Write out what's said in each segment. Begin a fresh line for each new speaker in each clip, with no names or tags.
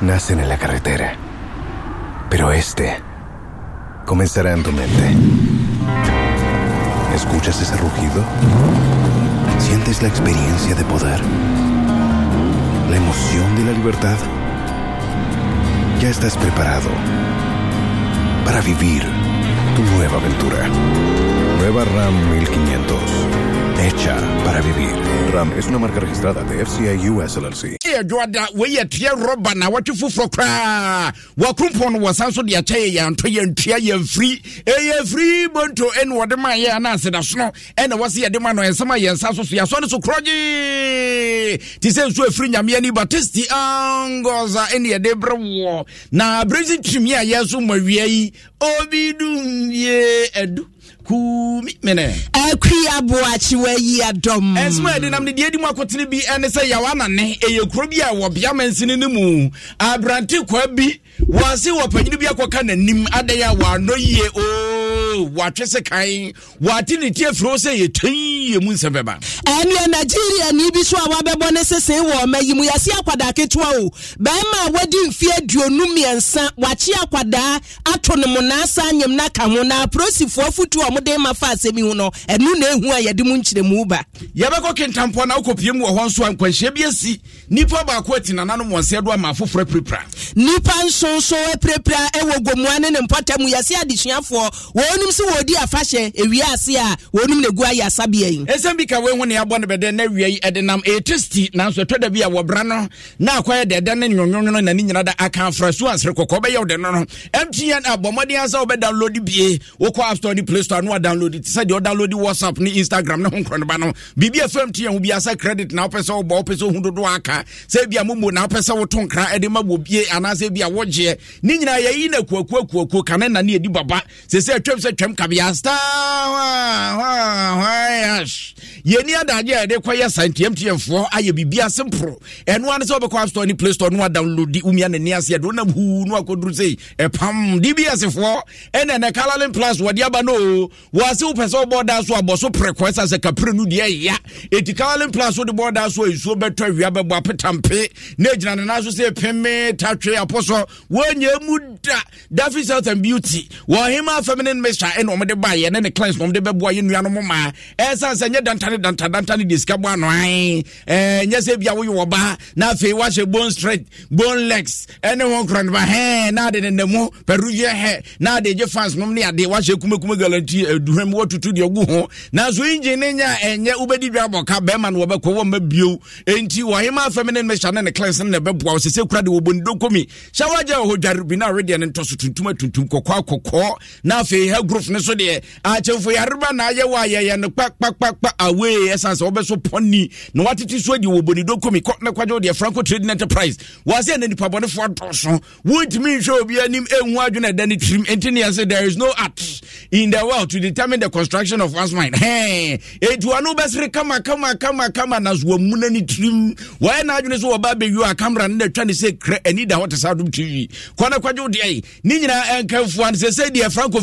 nacen en la carretera. Pero este comenzará en tu mente. ¿Escuchas ese rugido? ¿Sientes la experiencia de poder? ¿La emoción de la libertad? Ya estás preparado para vivir tu nueva aventura. Nueva RAM 1500. hecha para vivir. Ram es una marca registrada de FCI US LLC.
na so e brezi tumi a so yi. Obi dum edu. kumi mene akui aboakye wayi adɔm ɛsoma ɛde nam ne deɛ di mu akotene bi ɛne sɛ yɛwa nane ɛyɛ kuro bi a wɔ bea mansini no mu abrante kwa bi wɔase wɔ panyini bi akɔka n'anim adɛn a wɔanɔ yie oo wɔatwe se kan wɔate ne tie furo sɛ yɛtwɛn yɛ mu nsɛm bɛba
ɛneɛ nigeria ni bi so a wabɛbɔ ne sesee wɔ ma yi mu yɛse akwadaa ketewa o bɛrima a wadi mfie aduonu mmiɛnsa wakye akwadaa ato ne mo naasa anyam no aka ho na aporosifoɔ afotu a ɔmode ma fa asɛm yi ho no
ɛno na ɛhu a yɛde mu nkyerɛmu ba yɛbɛkɔ kentampoɔ na wokɔpie mu wɔ hɔ nso a nkwanhyia bi asi nnipa baako ati nananom wɔn sɛ do ama afoforɔ apirapira
nnipa nso so apirapira ɛwɔ gomua ne ne mpɔtam yɛse adesuafoɔ wɔn wɔnim sɛ wɔdi afahyɛ ewia ase a wɔnim
na egu ayɛ asabea yi. ɛsɛm bi ka wɔn ehu ne abɔ ne bɛdɛ na wia yi ɛde nam ɛyɛ testi nanso ɛtɔ da bi a wɔbra no na akɔyɛ dɛdɛ ne nyɔnyɔnyɔn na ne nyina da aka afra so asere kɔkɔ ɔbɛyɛ ɔdɛ no no mtn app bɔmmɔden asa wɔbɛ download bie wɔkɔ app store ne play store no wadownload ti deɛ ɔdownload whatsapp ne instagram ne ho nkorɔnoba no biribi a fam mtn ho bi asa credit na wopɛ sɛ wobɔ wopɛ sɛ ohu dodoɔ aka sɛ bi a na wopɛ sɛ woto nkra ɛde ma wɔ bie anaasɛ bi a wɔgyeɛ ne nyinaa yɛyi na kuakuakuakuo kane na ne yɛdi baba sɛ sɛ atwam sɛ sɛ twam kabea star yɛni adagye a yɛde kɔyɛ sa ntiamtiamfoɔ ayɛ biribia semporo ɛno ane sɛ wobɛkɔ app store ne play store no adownload womia nane aseɛ de wonam huu no akɔduru sei ɛpam e dbsfoɔ ɛne ne calalen plus wɔde aba no o wɔase wopɛ sɛ wobɔ da so abɔ so prɛkɔ ɛsa sɛ kapere no deɛ ɛya ɛti calalen plus wode bɔ da so e a nsuo bɛtɔ awia bɛbɔ apetampe na ɛgyina ne na so sɛ peme tatwe apɔ so wɔnyɛ mu da dafi south and beauty wɔhema feminine mis extra ɛna ɔmo de ba yɛ ne ne clients na ɔmo de bɛ boa yɛ nua no mo ma ɛsan sɛ nye dantane dantane dantane de sika boa no anyi ɛɛ nye sɛ bia woyɛ ɔba n'afɛ wahyɛ bone straight bone legs ɛne wɔn kura ne ba hɛn n'ade ne nɛmo peruvian hair n'ade gye fans nom ne ade wahyɛ kumekume galanti aduhwam wɔtutu deɛ ɔgu ho nanso engine ne nya ɛnyɛ wobɛdi dwa bɔka bɛrima no wɔbɛkɔ wɔn mɛ bio enti wɔhema afɛm ne mɛhyɛ ne ne clients ne bɛboa wɔsɛ sɛ kura de wɔ bɔn ne ntɔ group ne so deɛ akyɛmfo yareba na ayɛ wɔ ayɛyɛ no awee ɛsan sɛ pɔni na watete so adi wɔ bonido komi kɔ ne franco enterprise wontumi nhwɛ obi anim adwene ɛda ne tirim neɛ sɛ there is no art in the world to determine the construction of one's mind ɛtua no wobɛsere kama kama kama kama wamu no tirim wɔyɛ adwene wɔba a camera no na atwa ne sɛ krɛ ani da hɔ te saa dom tv kɔ ne ne nyinaa ɛnkamfoa no sɛ sɛ deɛ franco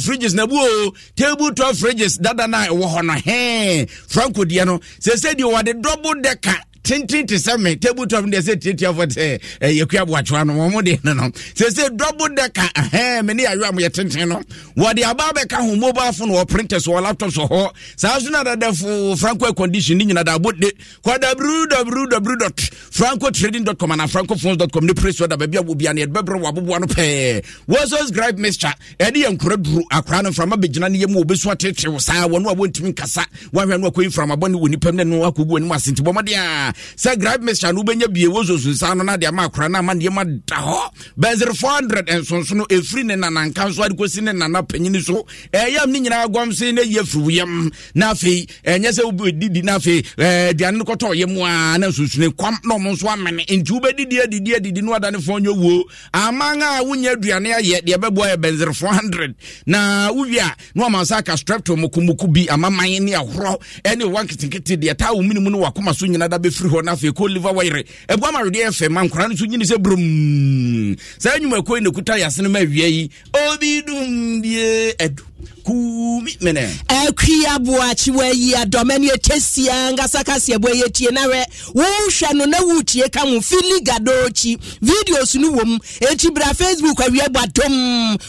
o table twelve fridges dada na ɛwɔ hɔ no hɛn franco deɛ no sɛ sɛ deɛ wɔde double decker tenten te sɛ me table top deɛ sɛ tiatiafo sɛ eh, eh, yɛkua boakyewa no wɔmo deɛ no no sɛ sɛ double deka ahɛ me ne yɛawerɛ mo yɛ tenten no wɔde aba bɛka ho mobile phone wɔ printers wɔ laptop so hɔ saa so na dadafo franco air condition ne nyina da abɔde kɔ www franco trading com ana franco phones com ne prɛ so da baabi a wɔbia no yɛdebɛbrɛ wɔ aboboa no pɛɛ wɔ subscribe mixture ɛne yɛ nkora duru akora no mframa bɛgyina no yɛ mu wɔbɛsu atetew saa wɔno a wɔntumi nkasa woahwɛ no akɔyi mframabɔne wɔ nipa m ne no akɔgu anim asentibɔmmɔde a sɛ gripe mixture no wobɛnya bie wɔ sosunsa no na de ama akora no ama nneɛma da hɔ bɛnsere 400 nsonsono ɛfiri ne nananka nso ade kɔsi ne nana panyini so ɛyam no nyinaa gɔm se na yi afiri woyam na afei ɛnyɛ sɛ wobɛdidi na afei aduane no kɔtɔ ɔyɛ mu a na nsonsune kwam na ɔmo nso amene nti wobɛdidi adidi adidi no adanefoɔ nyɛ wuo aman a wonya aduane ayɛ deɛ bɛboa yɛ bɛnsere 400 na wowie a na wama sɛ aka strepto mokumuku bi amaman ne ahorɔ ɛne wanketenkete deɛ taa wo minimu no wakoma so nyina da bɛfi firi hɔ no afei kɔ liver wire ɛboa ma wedeɛ ma nkora no so nyini sɛ brom saa nnwuma koi ne kuta yɛase ma awia yi obi dum bie ɛdu kumi mene akwi aboa kyiwa
yi adɔma ne ɛkyɛsia nkasakasi aboa yi atie na hwɛ no na wotie ka ho fili gadokyi videos no wɔ mu ɛnti bra facebook awie bɔ adom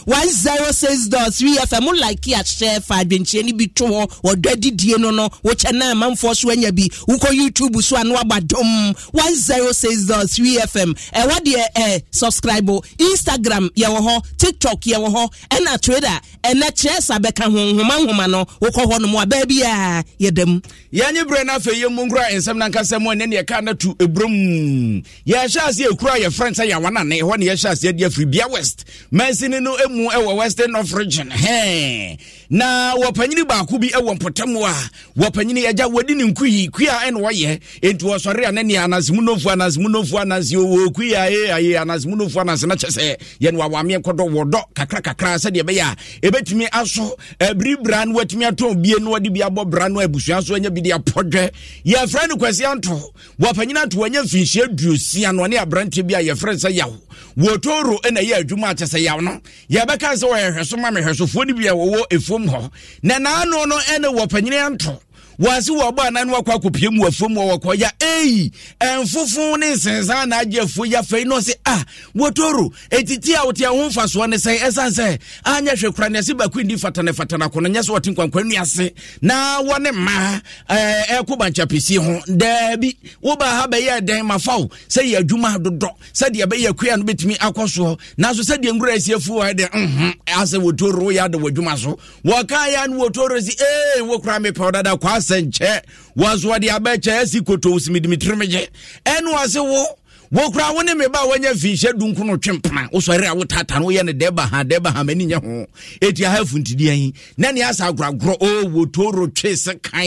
106.3 fm like ahyɛ fa adwenkyerɛ no bi to hɔ wɔdɔ adidie no no wokyɛ na amanfoɔ so anya bi wokɔ youtube so a no wabɔ adom 106.3 fm ɛwɔ e, deɛ eh, subscribe instagram yɛwɔ hɔ tiktok yɛwɔ hɔ ɛna e, twitter ɛnɛ e, kyerɛ nsa bɛka ho nhoma nhoma no wokɔ hɔ nom a baabi a
yɛda mu yɛanye berɛ no afei yɛmu nkora nsɛm no ankasɛ mu ɛnɛ ne no to ɛburom yɛhyɛ ase ɛkura yɛfrɛ sɛ yɛwanane ɛhɔ ne yɛhyɛ ase adi afiri bia west mansini no mu ɛwɔ western north region he na wɔpanyini baako bi ɛwɔ mpɔtam a wɔpanyini agya wɔdi ne nkuyi kuyi a ɛne wɔyɛ enti wɔsɔre a ne ne anasemu nofu anasemu nofu anase ɔwɔ kuyi a ɛyɛ eh, anasemu nofu anase na kyɛ sɛ yɛne wawameɛ kɔdɔ wɔdɔ kakrakakra sɛdeɛ ɛbɛyɛ a ɛbɛtumi aso so ɛbiri bra no watumi atɔn bie no wɔde bi abɔ bra no abusua so anya bi de apɔdwɛ yɛfrɛ no kwasi anto wɔpanyin ato wanya mfinhyia duosia no ɔne aberanteɛ bi a yɛfrɛ sɛ yaw wɔtoro ɛna ɛyɛ adwuma akyɛ sɛ yaw no yɛbɛka sɛ wɔyɛ so ma mehwɛsofoɔ no bi a wɔwɔ efuom hɔ na naano no ɛne wɔpanyin anto wɔase wɔ ɔbɔ anan wakɔ akɔpie mu wafuo mu wɔkɔ ei ɛnfofo ne nsensan na agye afuo ya fɛ na ɔse ah wotoro etiti a wote ɛho mfasoɔ ne sɛn ɛsan sɛ anyɛ hwɛ kora ne baako ndi fatana fatana ko no nyɛ sɛ wɔte nkwankwa nua na wɔne ma ɛɛ ɛkɔ bankyapesi ho daabi woba ha bɛyɛ ɛdɛn mafa wo sɛ yɛ adwuma dodɔ sɛdeɛ ɛbɛyɛ kuya no bɛtumi akɔ soɔ nanso sɛdeɛ nkura esi afuo ha deɛ nhun mhm, asɛ wotoro yɛ ada wɔ adwuma so wɔkaa yɛ ano wotoro si ee wokura mepɛ ɔdada kwa sɛ nkyɛ wɔnso wɔde abɛkyɛ asi kotow simidimitiremegye ɛne ɔse wo wɔkura wo ne meba a finhyɛ dunku no wosɔre a wotata no woyɛ no dɛba ha dɛba ha m'ani nyɛ ho ɛti aha afuntidi ahi na ne asa agoragorɔ o wɔtoro twe se kan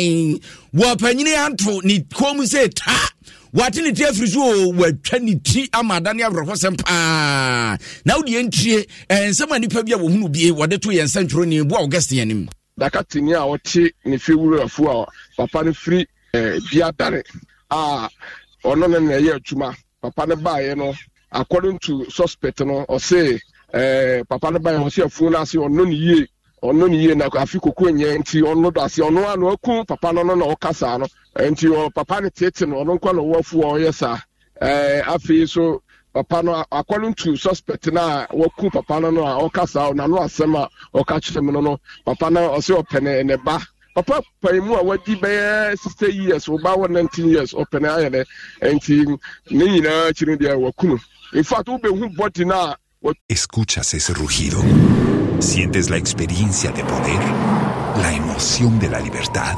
wɔpanyini anto ne kom sɛ taa wate ne ti afiri so o watwa ne ti ama adane awerɛhɔ sɛm paa na wodeɛ ntie ɛnsɛm a nnipa bi a
wɔhunu bie wɔde to yɛ nsɛntwerɛ ni boa wo gɛste anim dakatini a ɔte ne fi wurawuo a papa no firi ɛɛ eh, biadare a ɔno ne na ɛyɛ adwuma papa no baeɛ no according to suspect no ɔse ɛɛ eh, papa no baeɛ ɔse afuo no ase ɔno ne yie ɔno ne yie na afi koko nyɛ nti ɔno do ase ɔno ano aku papa no no na ɔka saa no nti ɔ papa no tete no ɔno nkwa na ɔwɔ afuo a ɔyɛ saa ɛɛ eh, afei so. papa no according to suspect na wɔku papa no no a ɔka saa n'ano asɛm a ɔka kyerɛ mu no no papa no ɔsɛ ɔpɛne ne ba papa pan mu a wadi bɛyɛ sixty years ɔba wɔ nineteen years ɔpɛne ayɛ dɛ nti ne nyinaa kyerɛ deɛ wɔku no in fact wobɛhu body no a
Escuchas ese rugido. Sientes la experiencia de poder, la emoción de la libertad.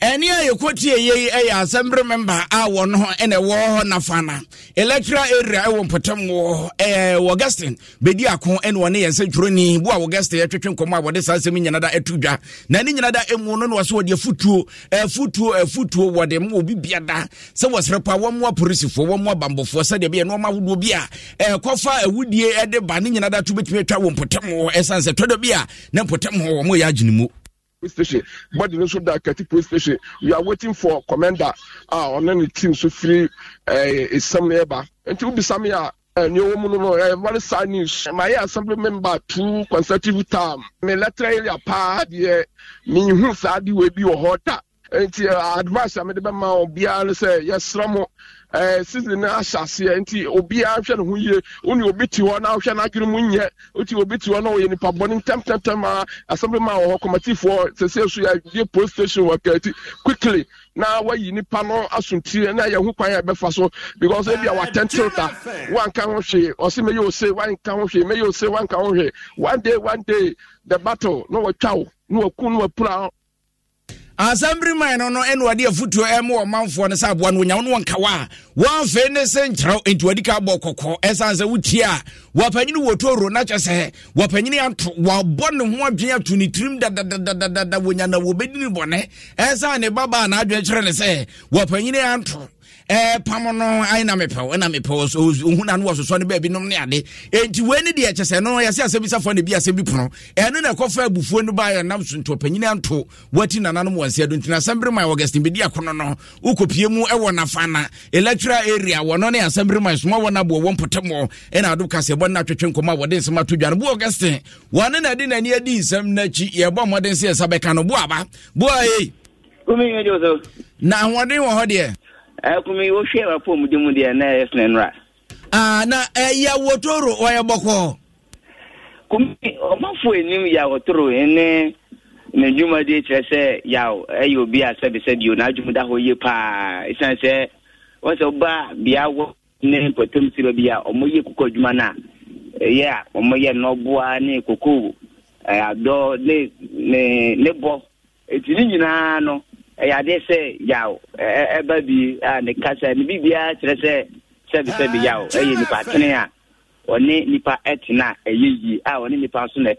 ɛne a yɛkɔ tie yei ɛyɛ asɛmbere member a wɔn
ho ɛna ɛwɔ hɔ nafana electoral area ɛwɔ mpɔtam wɔ ɛɛ wɔ gaston bedi ako ɛna wɔne yɛn sɛ dworoni bo a wɔ gaston yɛtwetwe nkɔmɔ a wɔde saa asɛm nyina da ɛto dwa na ne nyina da ɛmu no na wɔsɛ wɔde afutuo ɛfutuo ɛfutuo wɔde mu obi bia da sɛ wɔsrɛ pa wɔn mu apolisifoɔ wɔn mu abambɔfoɔ sɛdeɛ bɛyɛ nneɛma ahodoɔ bi a ɛkɔfa awudie ɛde ba ne
nyina da to betumi atwa wɔ mpɔtam wɔ ɛsan sɛ tɔdɔ bi a ne mpɔtam wɔ wɔn yɛ agyinimu police station body no so da Akati police station we are waiting for commander a ah, ɔne ne team so firi ɛɛ esam ne ɛba nti wobisa mi a ɛni owó mu no no ɛ eh, very sad news ma assembly member two consecutive term mi lɛtɛrɛ area paa deɛ mi hu saa de wo ebi wɔ hɔ da nti advice a mi de bɛ ma obiara sɛ yɛ srɛ mo ɛɛ eh, season no ahyɛ aseɛ nti obiara hwɛ ne ho yie wone obi te hɔ na wohwɛ n'adwene mu nyɛ woti obi te hɔ na ɔyɛ nipa bɔne ntɛmtɛmtɛm a asɛmpe ma wɔ hɔ kɔmatifoɔ sɛsɛ so yɛadie police station wɔ kaati quickly na wayi nipa no asuntie na yɛn ho kwan a ɛbɛfa so because ebi a eh, watɛntɛn ta wanka ho hwee ɔsi meyɛ ose wanka ho hwee meyɛ ose wanka ho hwee one day one day the battle na wɔtwa wo na wɔku na wɔpura
asambri man no no ɛne wade afotuo wɔ manfoɔ no sɛ aboa no ɔnya no no wɔnkawa a woamfei eh, eh. ne se nkyerɛw enti wadi ka abɔ kɔkɔ ɛsane sɛ wotie a wapanyini wɔtoro na kyɛ sɛ wapanyini ato wabɔ ne ho adwene ato ne tirim dadadadadada wɔnya na wɔbɛdi ne bɔne ɛsiane ne babaa na adwene kyerɛ ne sɛ wapanyini anto Eh, pam no ayɛ na mepɛw ɛna mepɛw so ohun na no wɔ sosɔ ne baabi nom ne ade enti wei ne deɛ ɛkyɛ sɛ no yɛsɛ asɛm bi safoɔ ne bi asɛm bi pono ɛno na ɛkɔfa abufuo no ba yɛnam so anto wati na asɛmbere ma augustin bɛdi akono no wokɔpie mu ɛwɔ electoral area wɔno ne asɛmbere ma soma wɔ wɔ ɛna kaseɛ a wɔde nsɛm ato bo wɔne na de n'ani adi nsɛm no akyi yɛbɔ mmɔden sɛ yɛsa bɛka no ei akumi
wohwɛ wa pom de mu deɛ na ɛyɛ sene nora ah, na ɛyɛ eh, wotoro ɔyɛ bɔkɔ kumi ɔmafo anim yɛ wotoro ne ne dwuma de kyerɛ sɛ yaw ɛyɛ obi a sɛbesɛbio na adwuma da hɔ yie paa ɛsiane sɛ wɔn woba bea wɔ ne nkɔtam si ba bi a ɔmoyɛ kokɔ adwuma no a ɛyɛ a ɔmoyɛ nɔboa ne kokoo eh, adɔ ne ne ne bɔ ɛti ne nyinaa no ɛyɛ yaw ɛba bi a ne kasa ne biribiara kyerɛ sɛ sɛbisɛbi yaw ah, ɛyɛ nipa tene a ɔne nipa ɛtena ɛyɛ yi a ɔne nipa nso na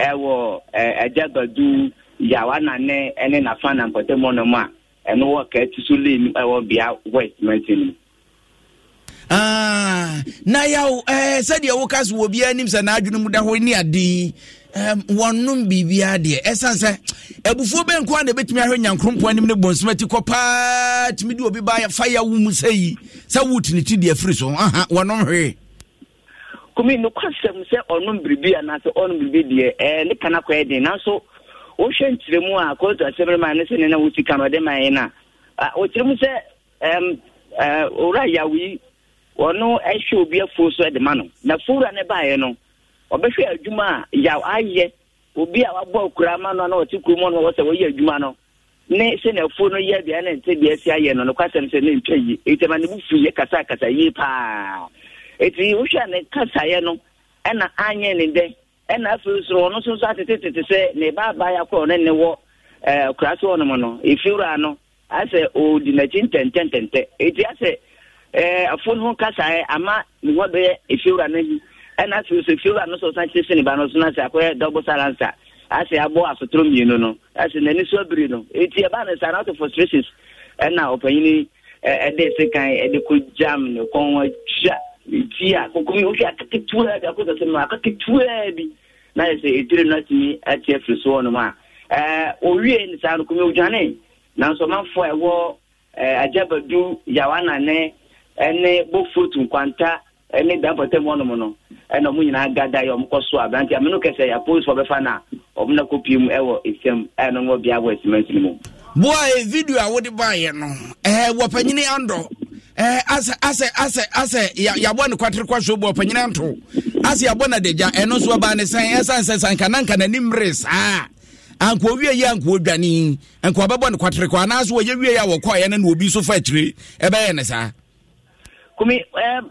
ɛwɔ ɛgya badu yaw ɛne nafa na a ɛno wɔ kɛɛti so lane ɛwɔ bea west
ah, na yaw ɛɛ sɛdeɛ so wɔ biara anim sɛ n'adwene mu da hɔ ni wɔnom biribiaa deɛ ɛsiane sɛ abufuo bɛnko a na ɛbɛtumi ahwɛ nyankrompo anim ne bonsom ati kɔ paa tumi de obi baa fa yɛ wo mu sɛ yi sɛ wotene ti deɛ afiri so aha wɔnom hwee kumi nokwasɛm
sɛ ɔnom biribi anaasɛ ɔnom biribi deɛ ne kana kɔɛ den nanso wohwɛ nkyerɛmu a asɛm ma ne na wosi ka ma yɛ a sɛ owura obi afuo so ma no na fowura ne no ɔbɛhwɛ adwuma a yaw ayɛ obi a wabɔ akura ama no na ɔte kurom hɔ no wɔ sɛ wɔyɛ adwuma no ne sɛ na afuo no yɛ deɛ ne nte deɛ si ayɛ no no kwasɛm sɛ ne ntwa yi enti ma ne bo fi yɛ kasakasa yie paa enti wohwɛ a ne kasaeɛ no ɛna anyɛ ne dɛ ɛna afei soro ɔno nso nso atetetete sɛ ne abaa akɔ ɔne ne wɔ ɛɛ eh, kura so ɔnom no efiwura no asɛ odi n'akyi ntɛntɛntɛntɛ enti asɛ ɛɛ eh, afuo no ho kasaeɛ ama ne ho bɛyɛ efiwura no yi ɛna afei so fiewura no sɛ ɔsan kyerɛ sɛ niba no so na sɛ akɔyɛ dɔbo salansa asɛ abɔ asotoro mmienu no asɛ n'ani so abiri no eti ɛbaa no saa na ɔte frustrations ɛna ɔpanyin ɛde sekan ɛde ko jam ne kɔn atwa eti a koko mi ofi akaketewa bi akɔsɛ sɛ ma akaketewa bi na yɛ sɛ etire no atumi ati afiri so wɔnom a ɛɛ owie ne saa no komi odwane nanso ɔmanfo a ɛwɔ ɛɛ agyabadu yawa nane ɛne bofo tunkwanta ɛne dapɔtɛm wɔnom no. ɛna ɔmo nyinaa gada yɛ ɔmo kɔ so aberante ameno kɛsɛ yɛ apolisifoɔ bɛfa no e, a ɔmo e, na kɔpie mu ɛwɔ ɛsiam ɛno ɔmo bia wɔ asimansi no
mu boa video a wode baayɛ no eh, wɔpanyini andɔ eh, asɛ asɛ asɛ asɛ yɛabɔ no kwatere kwahwɛ bɔ ɔpanyini anto asɛ yɛabɔ no adagya ɛno nso ɔbaa ne sɛn ɛsiane sɛ sankana nka n'ani mmere saa anka owie yi anka odwane anka ɔbɛbɔ no kwatere kwa anaasɛ wɔyɛ wie a wɔkɔɔyɛ no na obi so fa akyire ɛbɛyɛ ne e, saa
kumi um...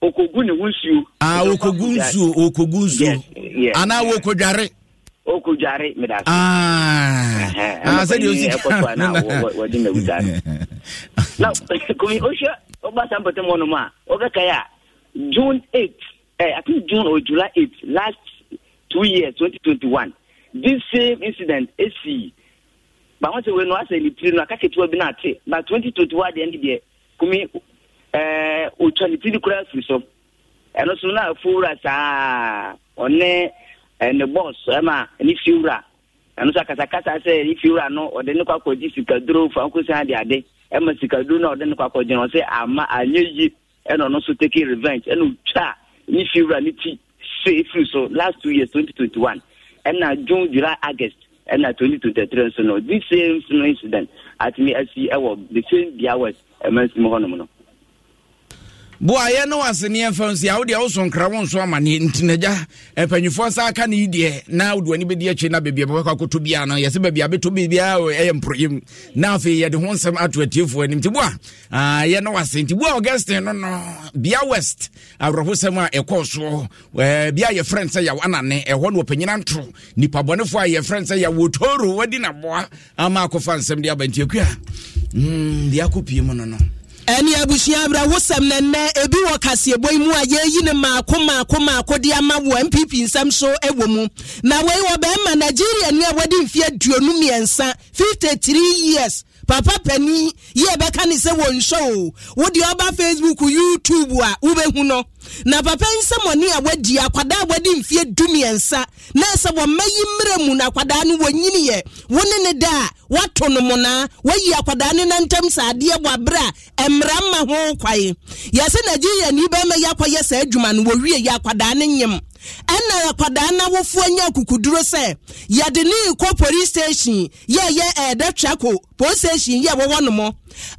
okogu ne ho nsuo. aa okogu nsuo okogu nsuo anaa wokodware.
okodware medase.
Ah. aa aa ah, sɛ de o si kan ne na.
wɔde na ewu daare. na komi o hyɛ ɔba san pɛtɛ mu ɔnum a ɔbɛka yi a june eight eh, i think june or july eight last two years 2021. this same incident esi bàwọn sɛ wei no asɛ ne tiri no aka ketewa bi na ate na twenty twenty one deɛ komi. ɛɛ otwa ne tiri kura firi so ɛno so na afuwura saa ɔne ɛne eh, bɔs ɛma ne fiwura ɛno so akasakasa sɛ ne fiwura no ɔde ne kɔ akɔgye sikaduro fankosi ade ade ɛma sikaduro na ɔde ne kɔ akɔgye no ɔsɛ ama anyɛ yi ɛna ɔno so take revenge ɛna otwa ne fiwura ne ti se firi so last two years twenty twenty one ɛna june july august ɛna twenty twenty three nso no this same incident atumi asi ɛwɔ the same bia west ɛma nsim hɔnom no.
boayɛ ne waseneɛ mfa nsi a wodeɛ woso nkra wo nso amanneɛ nti nagya mpanyifoɔ sa ka ne yi deɛ na wode wani bɛdi akyi na baabia bɛbɛkɔ akɔtɔ biaa no yɛsɛ baabia bɛtɔ biribiaa ɛyɛ mporɔyɛm na afei yɛde ho nsɛm ato atiefoɔ anim nti boa yɛ no wase nti boa augustin no no bia west awerɛhosɛm a ɛkɔɔ soɔ bia yɛfrɛ sɛ yɛwo anane ɛhɔ no ɔpanyina ntoro nipabɔnefoɔ a yɛfrɛ sɛ yɛwo toro wadi naboa ama akɔfa nsɛm de aba ntiakua mm, deɛ akɔ pie mu no no ɛne abusua awerɛhosɛm no nnɛ ebi wɔ kaseɛbɔ yi mu a
yɛyi ne maako maako maako de ama wɔ mpp nsɛm so wɔ mu na wei wɔ bɛrima nigeria ni a wɔde mfeɛ aduonu mmiɛnsa 53 years papa pani yie ɛbɛka ne sɛ wɔnhyɛ o wode ɔba facebook youtube a wobɛhu no na papa nsɛmɔne a wadi akwadaa wadi mfeɛ dumiɛnsa na sɛ wɔmma yi mmerɛ mu na akwadaa no wɔnyiniɛ wo ne ne da a woato no monaa woayi akwadaa no nantam saadeɛ adeɛ bɔ aberɛ a ɛmmara ma ho kwae yɛsɛ nagyeriani bɛma yɛ akɔyɛ saa adwuma no wɔwie yɛ akwadaa no nyem ɛna akwadaa n'awofoɔ nya kukuduro sɛ yɛde ne kɔ police station yɛyɛ ɛɛdɛ twɛ kɔ police station yɛ wɔwɔ no mo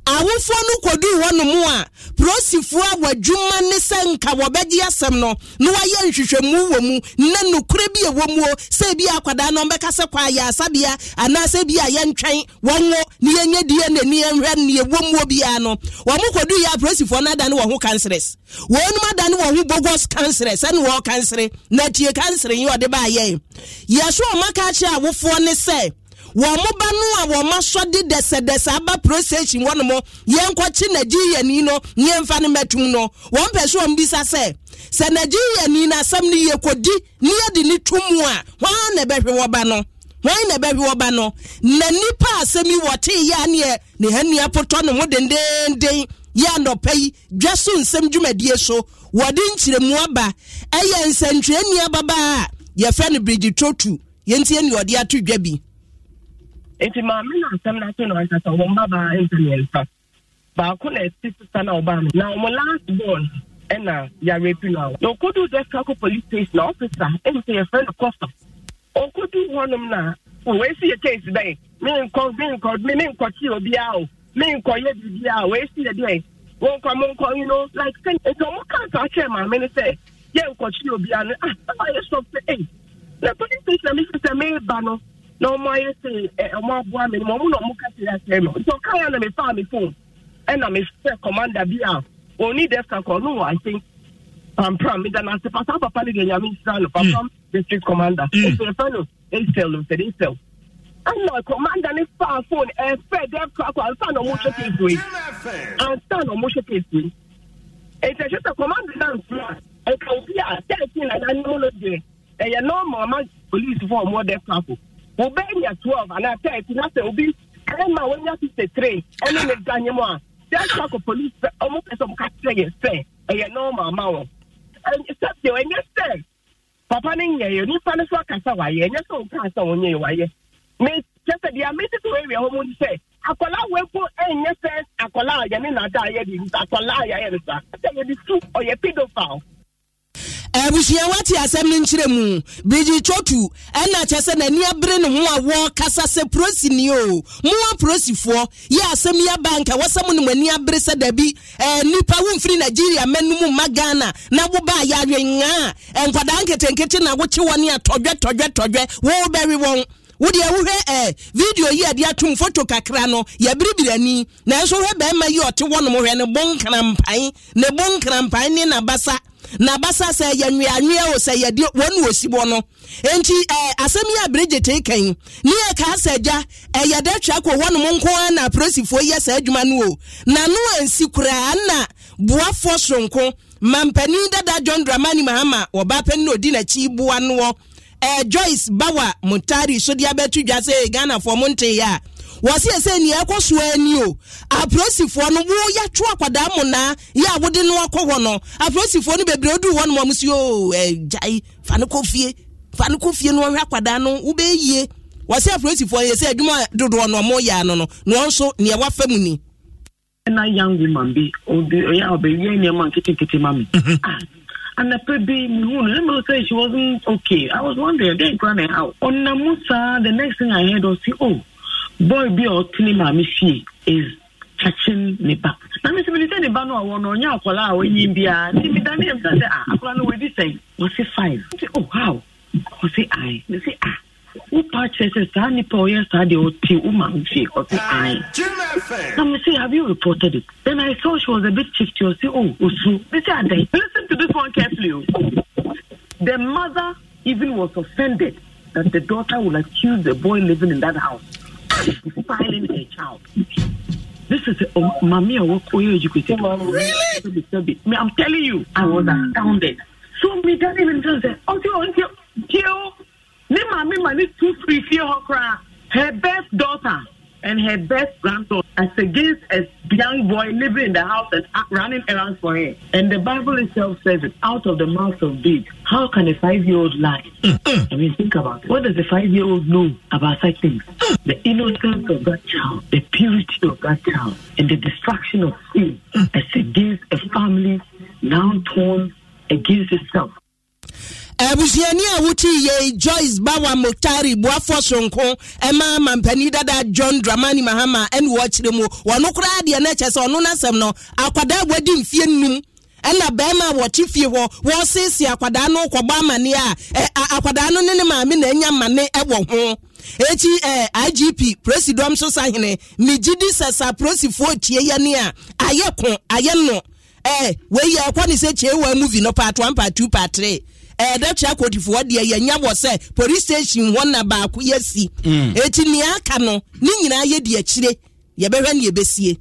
awofoɔ no kɔduu hɔnom a polosifoɔ a wɔadwuma ne sɛ nka wɔbɛgye asɛm no na wɔayɛ nhwehwɛmu wɔ mu na nokorɛ bi ɛwɔ mu o sɛ bi akwadaa no ɔmbɛka sɛ kɔ ayɛ asabea anaasɛ bi a yɛntwɛn wɔnwo ne yɛnyɛ die na ani yɛnhwɛ ne ɛwɔ mu biara no wɔn kɔduu yɛ a polosifoɔ no adane wɔn ho cancerous wɔn mu adane wɔn ho bogus cancerous ɛne wɔn kansere na tie kansere yi ɔde baa yɛn yɛso ɔmaka akyerɛ awofoɔ ne sɛ wɔn mo ba no a wɔn mo asɔ de dɛsɛdɛsɛ aba police station hɔ nom yɛn nkɔkye nagyiyani no yɛn mfa ne mɛtum no wɔn pɛ so wɔn bisa sɛ sɛ nagyiyani no asɛm no yɛ kodi ne yɛde ne tum a wɔn na ɛbɛhwɛ wɔn ba no wɔn na ɛbɛhwɛ wɔn ba no na nipa asɛm yi wɔte yɛ aneɛ ne ha nia potɔ ne ho dendenden yɛ anɔpɛ yi dwa so nsɛm dwumadie so wɔde nkyerɛmu aba ɛyɛ nsɛntwerɛni ababaa yɛfrɛ no birigyi totu yɛntie ne ɔde ato dwa bi
nti maame na asɛm no ase na ɔnkasa ɔwɔ mbabaa nta mmiɛnsa baako na ɛsi sisa na ɔbaa no na ɔmo last born ɛna yare pi no a na ɔkɔdu dɛfrako police station na ɔfisa ɛnti yɛfrɛ no kɔfa ɔkɔdu hɔnom na wɔasi yɛ case dɛ menkɔ menkɔ me menkɔkye obiaa o menkɔyɛ biribiaa wɔasi yɛ dɛ wɔnkɔ monkɔ you know like sɛ nti ɔmo kaa saa kyerɛ maame no sɛ yɛnkɔkye obiaa no ah ɛma yɛ sɔ sɛ ei na police station na mefi sɛ meeba no na ọmụ ayé sị ọmụ abụọ amị ma ọmụ na ọmụ kasị ya sị mụ nso kaa ya na mefa amị fon ɛna mefɛ commander bi a ɔni defta kɔ no wɔ ase pampram meda no ase pa saa papa no deɛ nyame nsira no papam mm. district commander mm. ɔfɛfɛ no ɛsɛl no sɛde ɛsɛl ɛna commander ne faa phone ɛfɛ defta kɔ ansa na ɔmo hwɛ case wei ansa na ɔmo hwɛ case wei ɛnti ɛhwɛ sɛ commander na nsira ɛka obi a thirteen na nanim no deɛ ɛyɛ normal ama polisifoɔ a ɔmo defta kɔ wobɛnya 12 anaa 30 na sɛ obi ɛma wanya 63 ɛne ne da nyɛ mu a sɛsako police ɔmo pɛ sɛ ɔmo ka kyerɛ yɛ sɛ ɛyɛ normal ma wɔ sɛdeɛ ɛnyɛ sɛ papa no nyɛyɛ nipa no so akasa wayɛ ɛnyɛ sɛ ɔkaa sɛ ɔnyɛ wayɛ me kyɛ sɛ deɛ metete wɔawie hɔ mu ne sɛ akɔla wɛpo ɛnyɛ sɛ akɔla a yɛne nada a yɛde akɔla a yɛayɛ no saa sɛ yɛde su ɔyɛ pedophile
abusua wate asɛm no nkyerɛ mu birigyi twotu ɛna kyɛ sɛ n'ani abere ne ho a wɔkasa sɛ prosini o moa prosifoɔ yɛ asɛm yi aba nka wɔsɛm ne m'ani abere sɛ dabi ɛɛ nipa womfiri nigeria mɛnum ma ghana na woba a yɛawɛ ngaa nkwadaa nketenkete na wokye wɔ ne a tɔdwɛ tɔdwɛ tɔdwɛ wɔrebɛwe wɔn wodeɛ wohwɛ ɛ video yi a de foto kakra no yɛbiribiri ani nanso wohwɛ bɛrima yi a ɔte hɔ nom hwɛ ne bonkranpan ne bonkranpan ne nabasa na basa sɛ yɛ nnuanwea o sɛ yɛde wɔn wɔ si wɔ no nti ɛɛ asɛm yi a bridget kan ne yɛ kaa sɛ gya ɛyɛ dɛ twa kɔ hɔnom nko ara na polisifoɔ yɛ saa adwuma no o na no ansi koraa na boafoɔ soronko mampanin dada john dramani mahama ɔbaa panin na odi n'akyi boa ɛɛ joyce bawa mutari so de abɛto dwa sɛ ghanafoɔ mo ntee a wɔsi ɛsɛ ni ɛkɔ so ɛni o apolisifoɔ no wo yɛtwo akwadaa mu na yɛ a wode no akɔ hɔ no apolisifoɔ no bebree odu hɔ no wɔn si o oh, ɛgyae eh, fa ne kɔ fie fa ne kɔ fie no ɔhwɛ akwadaa no wobɛyie wɔsi apolisifoɔ yɛ sɛ adwuma dodoɔ no ɔmo yɛ ano no na wɔn nso nea wafa mu ni.
na young woman bi obi ɔyɛ ɔbɛyɛ nneɛma nketenkete ma mi. and the baby who remember say she wasn't okay. I was wondering then crying out. On Namusa, the next thing I heard was see, oh, boy bi a ɔtene maame fie is kyakyen ne ba na me sɛ mede sɛ ne ba no a wɔ no ɔnyɛ akwaraa a wɔnyin biara nti medane yɛm sɛ sɛ
a akwaraa no wɔdi
sɛn wɔse five nti oh how ɔse ae me se ah wopa kyerɛ sɛ saa nnipa ɔyɛ saa deɛ ɔte wo maame fie ɔse ae na me se have you reported it then i saw she was a bit shifty ɔse oh osu me se adɛn listen to this one carefully o oh. the mother even was offended that the daughter would accuse the boy living in that house filing a child. This is a, oh, mommy I work for you educated. Really? I'm telling you, I was mm. astounded. So me that even just said, until until, ne mommy money too free for her cry. Her best daughter. and her best granddaughter as against a young boy living in the house and running around for her. And the Bible itself says it, out of the mouth of babes. How can a five-year-old lie? I mean, think about it. What does a five-year-old know about such things? the innocence of that child, the purity of that child, and the destruction of sin as against a family now torn against itself.
abusuani a wote yɛ joyce bawa motari boafo sonko ɛma mampani dada john dramani mahama ɛne wɔkyerɛ mu wɔno koraa deɛ no kyɛ sɛ ɔno no asɛm no akwadaa wadi mfie nnum ɛna bɛrima eh, a wɔte fie hɔ wɔsiesie akwadaa no kɔbɔ amaneɛ a akwadaa no ne ne maame na anya mane ɛwɔ e ho eti eh, igp presidom so sahene megyidi sɛsa prosifoɔ tie yɛ ne a ayɛ ko ayɛ no eh, wei yɛ ɛkɔ ne sɛ kyee wɔ movie no part 1 part 2 part 3 ɛyɛdɛ kyerɛ akodifoɔ deɛ yɛnya wɔ sɛ police station hɔ na baako
yɛsi ɛti mm. nea aka no ne nyinaa yɛdi akyire yɛbɛhwɛ ne yɛbɛsie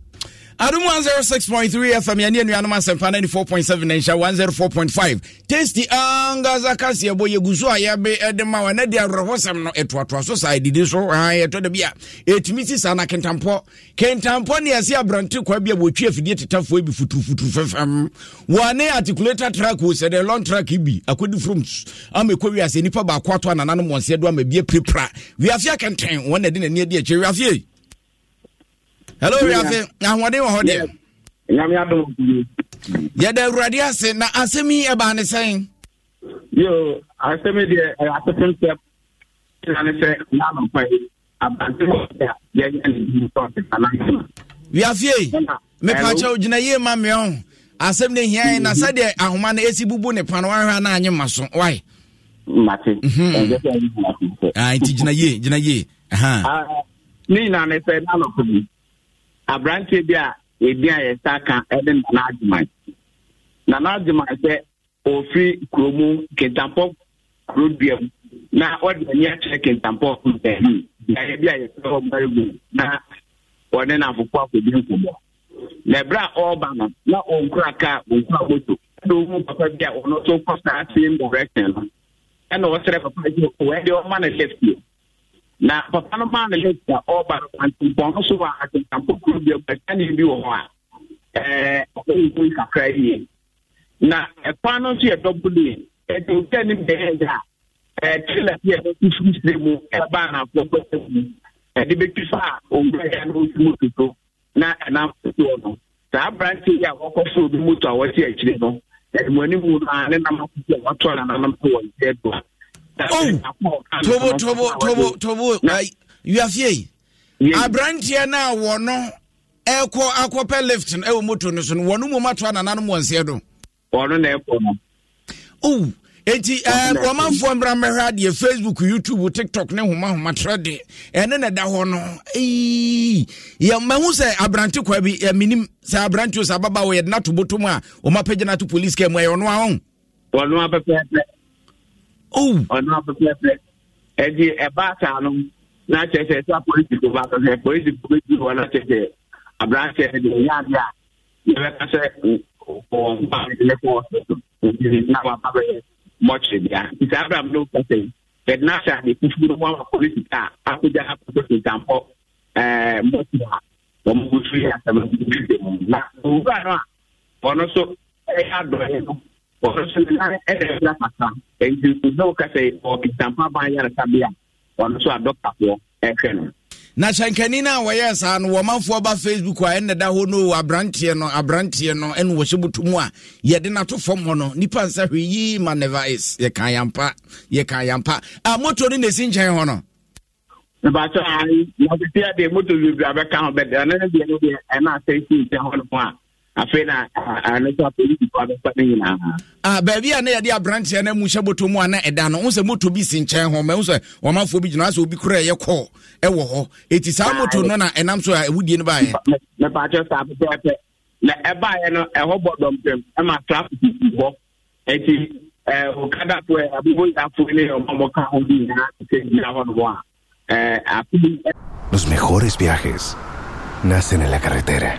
adom 106.3 fm yɛne anuanom asɛmpa 94.7 nhyɛ 104.5 tasty angasa kaseɛbɔ yɛgu so a yɛbe de ma ɛnɛ de awerɛhɔsɛm no ɛtoatoa so saa adidi so yɛtɔ da bi a ɛtumi si saa na kentampɔ kentampɔ ne ɛse abrante kwa bi a wɔtwi afidie tetafoɔ bi futurufuturu fɛfɛm wɔne articulator track o sɛ de long track bi akɔdi from ama ɛkɔ wiase nnipa baako ato anananom wɔnseɛ do ama bia pirepra wiafe akɛntɛn wɔn na de n'ani adi akyɛ wiafee hello wiafe ahoɔden wɔ hɔ deɛ nyame adom yɛda awurade ase na asɛm yi ɛbaa ne sɛn yo asɛm yi deɛ ɛyɛ asese ntɛm na ne sɛ
na anɔpa yi abante hɔ a yɛnyɛ ne wiafie
mepakyɛ wo gyina yie ma mmea ho asɛm no hiae na mhm. sɛdeɛ ahoma no ɛsi bubu ne pa wahwɛ na anye ma so wae mate mhm. ah, nti gyina
yie gyina yie ah, ah. ne nyinaa ne sɛ na anɔpa bi aberanteɛ bi a ebi a yɛsa ka ɛne nana adwuman nana adwuman sɛ ofiri kurom kentampɔ kuro dua mu na ɔde ani akyerɛ kentampɔ mpɛhim beaeɛ bi a yɛfrɛ hɔ marigo na ɔne n'afofo akɔdi nkɔmmɔ na ɛberɛ a ɔreba no na ɔnkura kaa ɔnkura moto ɛna ɔhu papa bi a ɔno nso kɔ saa same direction no ɛna ɔsrɛ papa yi sɛ ɔwɛ deɛ ɔma no left yɛ na papa no maa ne leta ɔba no kwantempɔn so a atentampokuno bi ɔbɛkane bi wɔ hɔ a ɔkɔnkun kakra yie na ɛkwan no nso yɛ dɔbule ne bɛyɛ yɛ a bi a mu ɛba mu fa a no mu toto na no saa yi a wɔkɔ so obi moto a wɔte akyire no ne
a oh tobo tobo tobo tobo wiafie aberanteɛ no a wɔ no ɛkɔ akɔpɛ lift no ɛwɔ moto no so no wɔno mmom atoa nananom wɔ nseɛ do ɔno na mmra mmɛhwɛ adeɛ facebook youtube tiktok ne homahoma trɛ de ɛne na da hɔ no mahu sɛ aberante kwa bi eh, menim sɛ aberante o sɛ ababa wɔyɛde no ato a ɔmapɛgya no police ka mu ɛyɛ ɔno a ɔno apɛpɛpɛ ɛnti ɛbaa
saa no na kyerɛ sɛ ɛsɛ polisi ko ba sɛ polisi polisi hɔ na kyerɛ sɛ aberanteɛ no deɛ ɛyɛ adeɛ a yɛbɛka sɛ wɔn ba ne kɔ ɔsɛto nti na waba bɛyɛ mɔkyere bia nti saa abram no kɔ sɛ fɛdina sɛ ade fufuo no wɔn polisi a akogya akɔtɔ sintampɔ ɛɛ mɔkyere a wɔn gusu yɛ asɛm na owura no a ɔno nso ɛyɛ adɔyɛ no
ɛdɛbla kasa na hyɛnkani no a wɔyɛɛ saa no wɔmanfoɔ ba facebook a ɛnɛ da hɔ no abranteɛ no abranteɛ no ɛne wɔhyɛ boto mu a yɛde no ato fam hɔ no nnipa nsa hwee yi ma never is yɛka yampa yɛka yampa a moto no na ɛsi nkyɛn hɔ no
mebakyɛ a deɛ moto bebree abɛka ho bɛdeɛ ɛno no deɛ no deɛ ɛna asɛ si nkyɛn hɔ no ho a afei na ɛno sɛ apolisifoɔ abɛfa no nyinaa
ah, baabi a na yɛde aberanteɛ no mu hyɛ bɔtɔ mu a na ɛda no wo sɛ moto bi si nkyɛn hɔ ma wo sɛ ɔmafoɔ bi gyina sɛ obi korɛ ɛyɛ kɔɔ ɛwɔ hɔ ɛti saa moto no na ɛnam so a ɛwodie no baayɛ mepakyɛ saa pɛpɛɛpɛ na ɛbaeɛ no ɛhɔ bɔ dɔmpɛm ɛma traffic si hɔ ɛti
okadafoɔ aboboyafoɔ ne ɔmamɔka ho bi nyinaa sɛ hɔ no hɔ
a Los mejores viajes nacen en la carretera.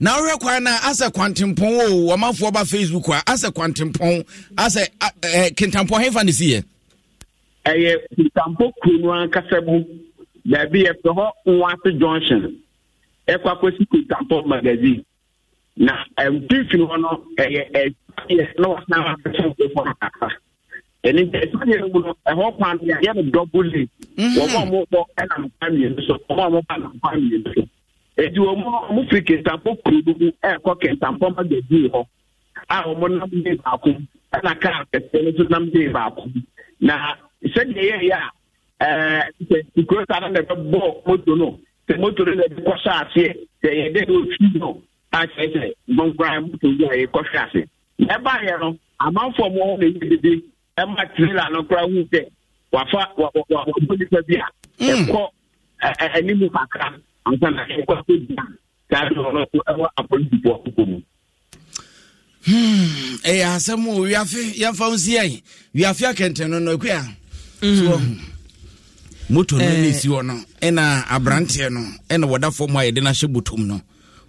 na wohwɛ kwan no asɛ kwantempɔn o ɔmanfoɔ ba facebook a asɛ kwantempɔn asɛ kentampɔn hefa ne siyɛ ɛyɛ ntampo kuro no ankasa mu
baabi yɛfrɛ hɔ nwase junction ɛkɔ akɔsi kontampɔ magazine na mfimfini hɔ no ɛyɛ ɛyɛ na wɔsan akɛkyɛ nkurɔfoɔ no kasa ɛni nti ɛsɛ mu no ɛhɔ kwan no yɛyɛ no dɔbuli mm-hmm. wɔn a wɔbɔ ɛnam kwan mmienu so wɔn a wɔba nam kwan mmienu so eti wɔn wɔn firi kentampɔ kuro bi mu ɛrekɔ kentampɔ magazine hɔ a wɔn nam de baako ɛna kaa kɛseɛ no nso nam de baako na sɛdeɛ yɛyɛ a ɛɛ sɛ kuro saa na ɛbɛbɔ moto no sɛ moto no na ɛde kɔ hyɛ aseɛ sɛ yɛde na ofi no a kyerɛ sɛ gbɔngbɔn moto yi a yɛkɔ hyɛ ase na ɛbaa yɛ no amanfoɔ mu wɔn na yɛ dede ɛma tirela no koraa hu sɛ wafa wa wa wa bɔ nipa bi a
ɛkɔ ɛɛ ɛnimu kakra
ansa na ɛkɔ akɔgya saa de ɔno so ɛwɔ apɔlisifoɔ kokɔ mu
ɛyɛ asɛm o wiafe yɛmfa wo si ɛn wiafe akɛntɛn no no ɛkua soɔ moto no ne si hɔ no ɛna aberanteɛ no ɛna wɔda fam a yɛde no ahyɛ botom no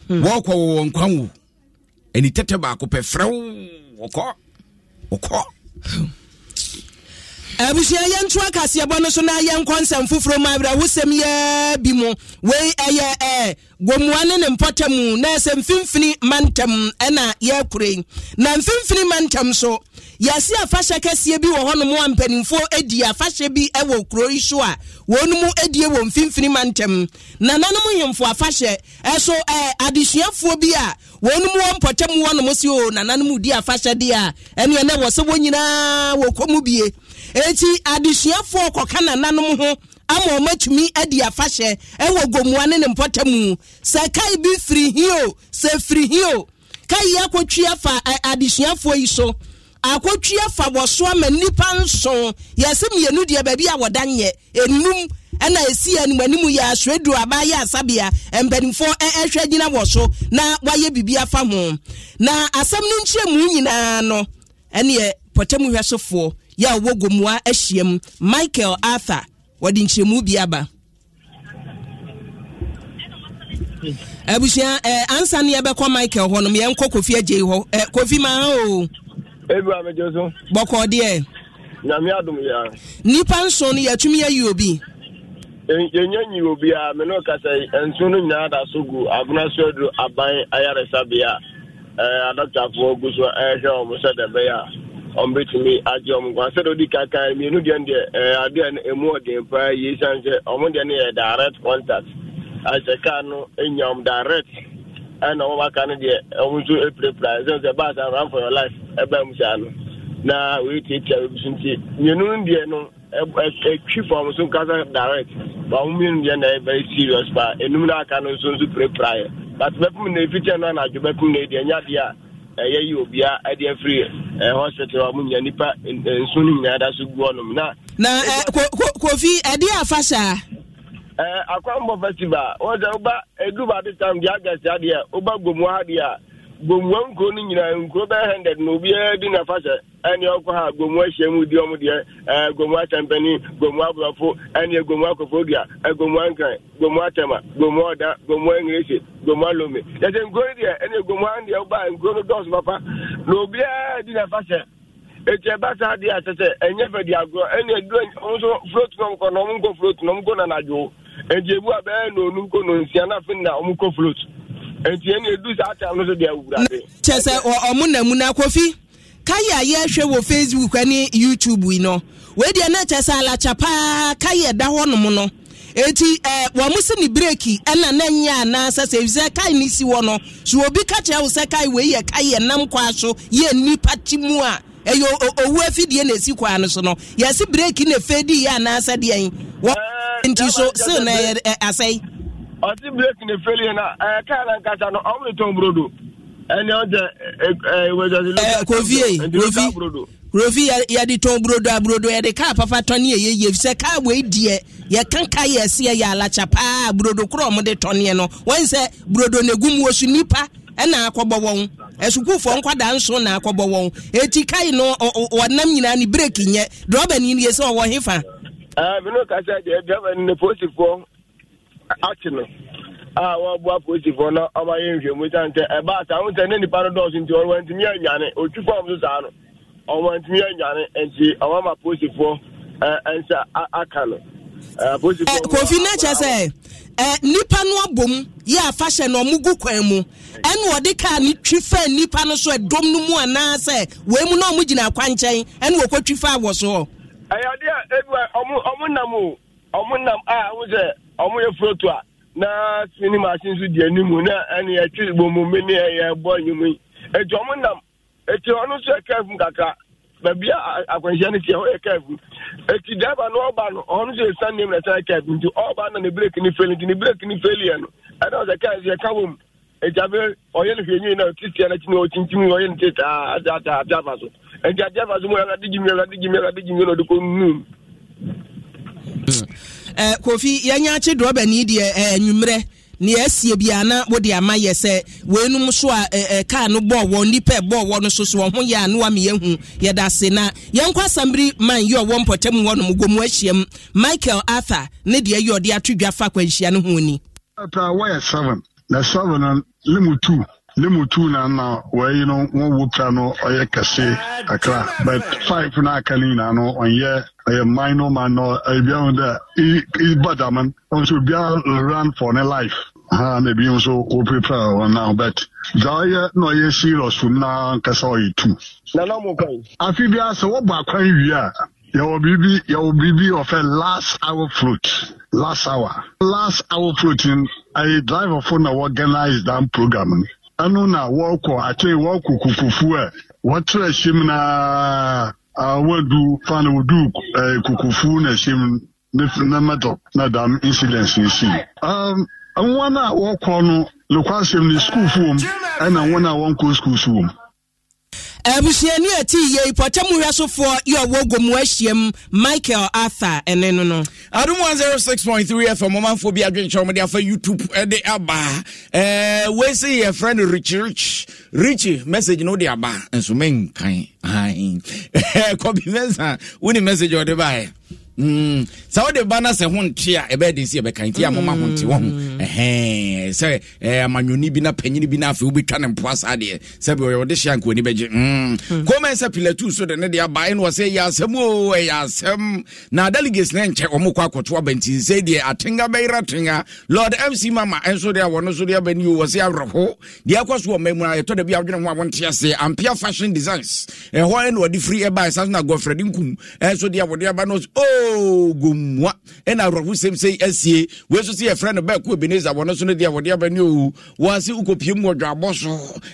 wɔkɔ wɔwɔ nkwan wo ani baako pɛ frɛw wɔkɔ wɔkɔ
abusua yɛnto akaseɛbɔ no so na yɛnkɔ nsɛm foforɔ mu awerɛhosɛm yɛ bi mu wei ɛyɛ ɛ gomua ne ne mpɔtamu na ɛsɛ mfimfini mantam ɛna yɛkure na mfimfini mantam so yɛase afahyɛ kɛseɛ bi wɔ hɔnom a mpanimfoɔ adi afahyɛ bi wɔ kuro yi so a wɔn mu adie wɔ mfimfini mantam nananom hemfo afahyɛ ɛso ɛɛ adesuafoɔ bi a wɔn mu wɔn mu wɔnom si o nananom di afahyɛ deɛ a ɛnua na wɔ wɔn nyinaa wɔ kɔn mu bie. eti adesuafoɔ na nananom ho ama ọma tumi adi afahyɛ ɛwɔ gomua ne ne mpɔta mu sɛ kae bi firi hio sɛ firi hio kae akɔtwi afa adesuafoɔ yi so akɔtwi afa wɔso ama nnipa nson yɛsɛ mmienu deɛ baabi a wɔda nyɛ enum ɛna esi anim anim yɛ asoedu aba yɛ asabea mpanimfoɔ ɛhwɛ gyina wɔ so na wayɛ biribi afa ho na asɛm no nkyerɛ mu nyinaa no ɛneɛ pɔtamu hwɛsofoɔ yɛ a wɔwɔ gomua ahyiam michael arthur wɔde nkyerɛmu bi aba abusua ɛɛ ansa ne yɛbɛkɔ michael hɔ nom yɛn kɔ kofi agye hɔ ɛɛ kofi maa o. ebi amegye so. bɔkɔɔdeɛ.
nyame adum ya. nipa nson no yɛtumi ayi obi. yɛnyɛ nyi obi a mene kasa yi nson no nyinaa da so gu agona so adu aban ayaresabea ɛɛ adɔktafoɔ gu so ɛɛhwɛ wɔn sɛ dɛbɛyɛ a. ɔmbɛtumi agye ɔmo nkwa sɛdeɛ odi kakan mmienu deɛ no deɛ adeɛ no ɛmu ɔden paa yie siane sɛ ɔmo deɛ no yɛ direct contact ahyɛ kaa no nya eh, ɔmo direct ɛna ɔmo baka no deɛ ɔmo nso apirapira ɛsɛ sɛ baas and eh, eh, run for your life ɛbaa mu saa no na wɔetiatia baabi so nti mmienu no deɛ no ɛtwi ɔmo so nkasa direct ba ɔmo mmienu deɛ na ɛyɛ very serious paa enum no aka no nso nso pirapira yɛ but na efitia no anadwo na edi yi obia ɛde afiri eh, hospital a ọmụmụ ya nipa eh, nsu no nyinaa da so gu ɔnom na
na eh, kofi ɛde afa saa
akwammɔ festival wɔsɛ woba ɛdu baade tam deɛ agasiadeɛ woba gomu ha a gomwa nkuro no nyinaa nkuro bɛyɛ hundred na obiara di nafa sɛ ɛne ɔkɔ ha gomwa ahyia mu di ɔmo deɛ ɛɛ atɛmpani gomwa aborɔfo ɛne gomwa akɔfodua ɛgomwa nkran gomwa atɛma gomwa ɔda gomwa engelese gomwa lome yɛsɛ nkuro no deɛ ɛne na obiara di nafa sɛ ɛba saa ɛnyɛ fɛ di agorɔ ɛne edu ɔmo nso float na ɔmo nkɔ na ɔmo ebu abɛɛ na onu na onsia na afei na ɔmo nti ɛna edu saa time no so deɛ awura de.
kyɛ sɛ ɔmo na mu na kofi Kaya a yɛhwɛ wɔ facebook ne youtube yi no wei deɛ na kyɛ sɛ alakya paa kayi ɛda hɔnom no eti ɛɛ eh, wɔn si ne breeki ɛna ne nya anaasɛ sɛ ebi sɛ kayi ne si hɔ no eh, so obi ka kyerɛ wo sɛ kayi wei yɛ kayi ɛnam kwa so yɛ nipa ti mu a ɛyɛ owu afidie na esi kwa no so no yɛsi breeki na efe eh, di yɛ anaasɛ deɛ yi wɔn nti so sin na ɛyɛ
asɛyi. ọtí breki na efeli na kaa na nkacha no ọmụ na tọm burodo ẹni ọjọ ewejọsi lọta ndị burodo. Rofi
yɛde tɔn burodo a burodo yɛde kaa papa tɔn yɛ yie yie kaa wei deɛ yɛ yɛ alakya paa burodo korɔ ɔmo de no wɔn sɛ burodo na egum wosu nipa ɛna akɔbɔ wɔn ɛsukuufoɔ nkwadaa nso na akɔbɔ wɔn eti kaa no ɔnam nyinaa breki nyɛ drɔba
ni action a wɔboa polisifoɔ e, e, e, eh, na ɔmayɛ nhwɛmu siane sɛ ɛbaa saa wo ne nnipa no dɔɔso nti ɔno wantumi anyane fam so saa no ɔwantumi anyane nti polisifoɔ aka no kofi sɛ abom
yɛ afahyɛ na ɔmo gu kwan mu ɔde kaa ne twi no so ɛdɔm no mu anaasɛ mu na ɔmo gyina
ɔmo yɛ furoto a na sini machine nso di anim na ɛne yɛtwi bomume ne yɛbɔ nnwom yi eti ɔmo nam eti ɔno nso yɛ kɛfum kakra baabi a akwanhyia no tiɛ hɔ yɛ kɛfum eti dɛba no ɔba no ɔno nso yɛ na nneɛma ɛsan kɛfum nti ɔba na ne break ne feli nti ne break ne feli yɛ no ɛna ɔsɛ kɛfum yɛ ka wɔm eti abe ɔyɛ ne hwɛnyi na ɔti tiɛ n'akyi na ɔkyinkyim ɔyɛ ne ti taa ata ata ata so eti ati afa so mu ɛwɛ adi gyimi ɛwɛ adi gyimi ɛwɛ adi gyimi na ɔde kɔ num eh, kofi
yɛnyɛ akye dɔbɛni deɛ eh, nwummerɛ ne yɛasie bi ana wode ama yɛ sɛ weinom so a eh, kaa no bɔɔ wɔ nnipa ɛbɔɔ wɔ no so so wɔn ho yɛ ano ama yɛhu yɛda ase na yɛnkɔ asambere man yi ɔwɔ mpɔtam hɔnom gomu ahyiam michael arthur ne deɛ yɛ ɔde ato dwa fa akwanhyia no ho ni
pɛ wɔyɛ seven na seven na limu two limu two na na wɔyi no wɔn wɔ kura no ɔyɛ kɛse kakra but five na aka no nyinaa no ɔnyɛ ɛyɛ man no man no ebi ahun dɛ i bada man nso bi ran for ne life ha uh, na ebi nso o prepare wɔn na but dza ɔyɛ na ɔyɛ serious fun na nkasa ɔyɛ tu.
nana mo kwan.
afi bi asɛ wɔbɔ akwan wie a yɛwɔ biribi yɛwɔ biribi ɔfɛ last hour float last hour last hour float n ɛyɛ driver fo na organize dan program no ɛno na wɔrekɔ akyɛ wɔrekɔ kukufu a wɔtwerɛ hyɛm naa awadu fana wudu eh, kukufu na shim na mato na dam incidents nsi um, nwa eh, na wɔkɔ no lokwasɛm school sukuufoɔ mu ɛna wɔn a wɔnkɔ sukuufoɔ mu abusuani a ti yie pɔtɛmuhwɛ sofoɔ
yɛ ɔwɔ gomu ahyiam michael arthur ɛne no no. adum one zero oh six point three fm ɔmanfo bi adwenkyɛn ɔmo de afa youtube ɛde eh, aba ɛɛ eh, wesi yɛ friend rich rich rich message no de aba nso mɛ nkan han kɔbi mɛnsa wuni message ɔde ba yɛ. Mm. sɛ wode ba no sɛ ho nte a ɛbɛyɛ den sɛ yɛbɛka nti amoma ho nte wɔ mm. ho sɛ eh, amannwoni bi na panyini bi no afei wobɛtwa ne mpoa saa deɛ sɛ bi ɔyɛ wɔde hyɛ ankoani bɛgye mm. kɔma sɛ pilato so de ne de abae no wɔ sɛ ɛyɛ asɛm o ɛyɛ asɛm na delegates no nkyɛ ɔmo kɔ akɔto abanti sɛ deɛ atenga bɛyera tenga lord mc mama ɛnso deɛ wɔno so deɛ abani o wɔ sɛ awerɛho deɛ akɔ so wɔ ma mu a yɛtɔ da bi adwene ho a wonte ase ampia fashion designs ɛhɔ ne wɔde firi ɛbae sa so na gɔfrɛde nkum ɛnso deɛ wɔde aba no o oh, gomua ɛna awerɛho sɛm sɛ asie wei so sɛ yɛfrɛ no bɛko ebenesa wɔno so no deɛ wɔde abɛne o wɔase wokɔpie mu ɔdwaabɔ so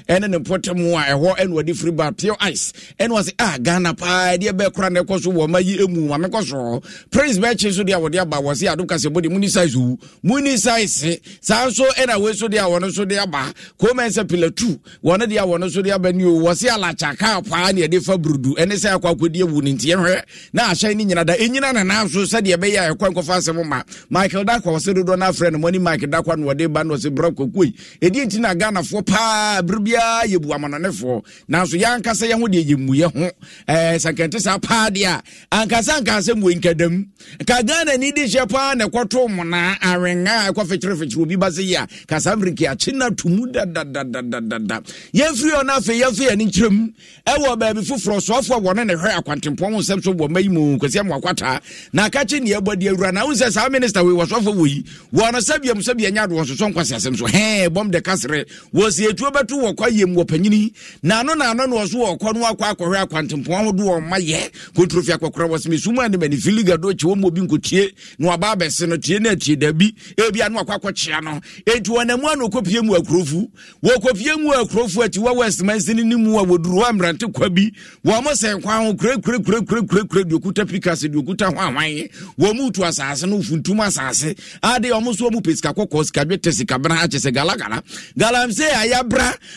ɛne ne mpɔtam a ɛhɔ ɛne wɔde firi ba pure ice ɛne wɔse a ah, ghana paa deɛ bɛkora na ɛkɔ so wɔ ma yi ɛmu ma mekɔ so praise bɛkye so deɛ wɔde aba wɔse adom kasɛ bɔde muni size wu muni size saa nso ɛna wei so deɛ wɔno so de aba kɔma sɛ pillar 2 wɔne deɛ wɔno so de aba ne o wɔse alakyaka paa ne yɛde fa burudu ɛne sɛ akɔ akɔdie wu ne nti yɛhwɛ na ahyɛn no nyina da ɛnyina na nan so sɛdeɛ ɛbɛyɛ a ɛkwan kɔfa asɛm ma michael dakwa wɔ sɛ dodoɔ no afrɛ no mɔne michael dakwa no wɔde ba no ɔsɛ brɛ kɔkui ɛdi nti na ghanafoɔ paa berɛ biara yɛbu amanɔnefoɔ nanso yɛankasa yɛ ho deɛ yɛmmuyɛ ho eh, sankɛnte saa paa deɛ a ankasa ankasa mmue nkadam ka ghana ni de hyɛ paa na ɛkɔto mmonaa awenga a ɛkɔ fekyerefekyere obi ba sɛ yi a kasa mmereke akye na tomu dadadadadada yɛmfiri ɔ no afei yɛmfe yɛne nkyerɛm ɛwɔ baabi foforɔ soafoɔ wɔne ne hwɛ akwantempɔn ho nsɛm so wɔ ma yi mu kwasiɛ mmoakwataa na aka ne neɛ awura na wonsɛ saa minister wei wɔsɔfo wɔ yi wɔno sɛbiam sɛ bianya ade wɔsosɔ nkwase asɛm so he bɔm de ka serɛ wɔsi atuo bɛto wɔ kwa yɛm wɔ panyini naano naano na ɔso wɔ kɔ no akɔ akɔhwɛ akwantempoa hodoɔ ɔma yɛ kɔturofi akɔkora wɔ sɛ mesum ane mani filiga do kyi wɔ ma obi nkɔtie na waba abɛse no tie no atie dabi ebia no akɔ akɔkyea no ɛnti wɔnamu ana ɔkɔpie mu akurofu wɔkɔpie mu akurofu ati wɔ wɛsmansini ne mu a wɔduru hɔ mmerante kwa bi wɔmo sɛ nkwa ho kurekurekure deɛ okuta pikase deɛ okuta ahwanhwan wɔn tu asase no funtum asase ade wɔn nso wɔn pe sika kɔkɔɔ sika dwetɛ sika bena akyɛ sɛ galagala galamsey a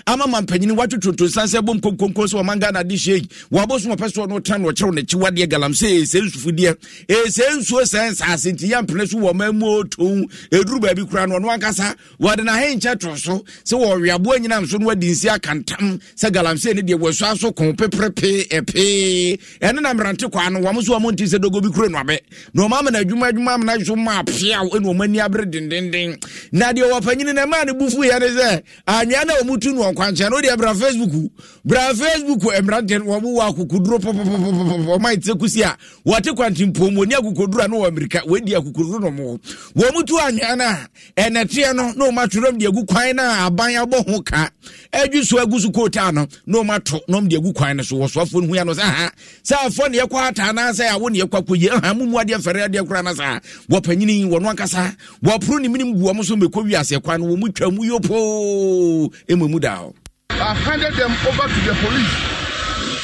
ama ma mpanyin watwitwoto nsa sɛ bom konkonko sɛ wɔn na de hyɛ yi wɔabɔ so wɔpɛ so wɔn tan wɔkyerɛw n'akyi wadeɛ galamsey ese nsufudeɛ ese nsuo sɛ nsaase nti yɛmpene so wɔn amu otow eduru baabi kura no ɔno ankasa wɔde n'ahenkyɛ to so sɛ wɔwe aboa nyinam so no wɔde nsi akantam sɛ galamsey ne deɛ wɔasua so ko peperepe ɛpee na mmerante kwaa no wɔn nso wɔn nwabe na ɔma ama no adwuma adwuma ama no so ma apea ɛne ɔma ani abere dendenden na deɛ ɔwɔ panyini na ɛma ne bu fu yɛ ne sɛ anyɛ na ɔmutu no ɔnkwankyɛ no wodeɛ bra facebook bra facebook mmeranteɛ no wɔmo wɔ akokoduro pɔpɔpɔpɔpɔ ɔma ɛte sɛ kusi a wɔte kwantempom wɔni akokoduro a na wɔ mmirika wɔadi akokoduro no mo wɔmutu anyɛ no na ɛnɛteɛ no na ɔma twerɛm deɛ agu kwan na aban abɔ ho ka ɛdwi so agu so kootaa no na ɔma to na ɔmde agu kwan no so wɔsoafoɔ no huya no sɛ ha sɛ afɔ ne yɛkɔ ataa na sɛ awo ne yɛkɔ akɔyi aha mumu adeɛ fɛre adeɛ koraa no saa wɔpanyini wɔno ankasa wɔporo ne menim buɔ mo so mɛkɔ wiaseɛ kwan no wɔ mu twa mu yopoo ɛma mu daa hɔ
I handed them over to the police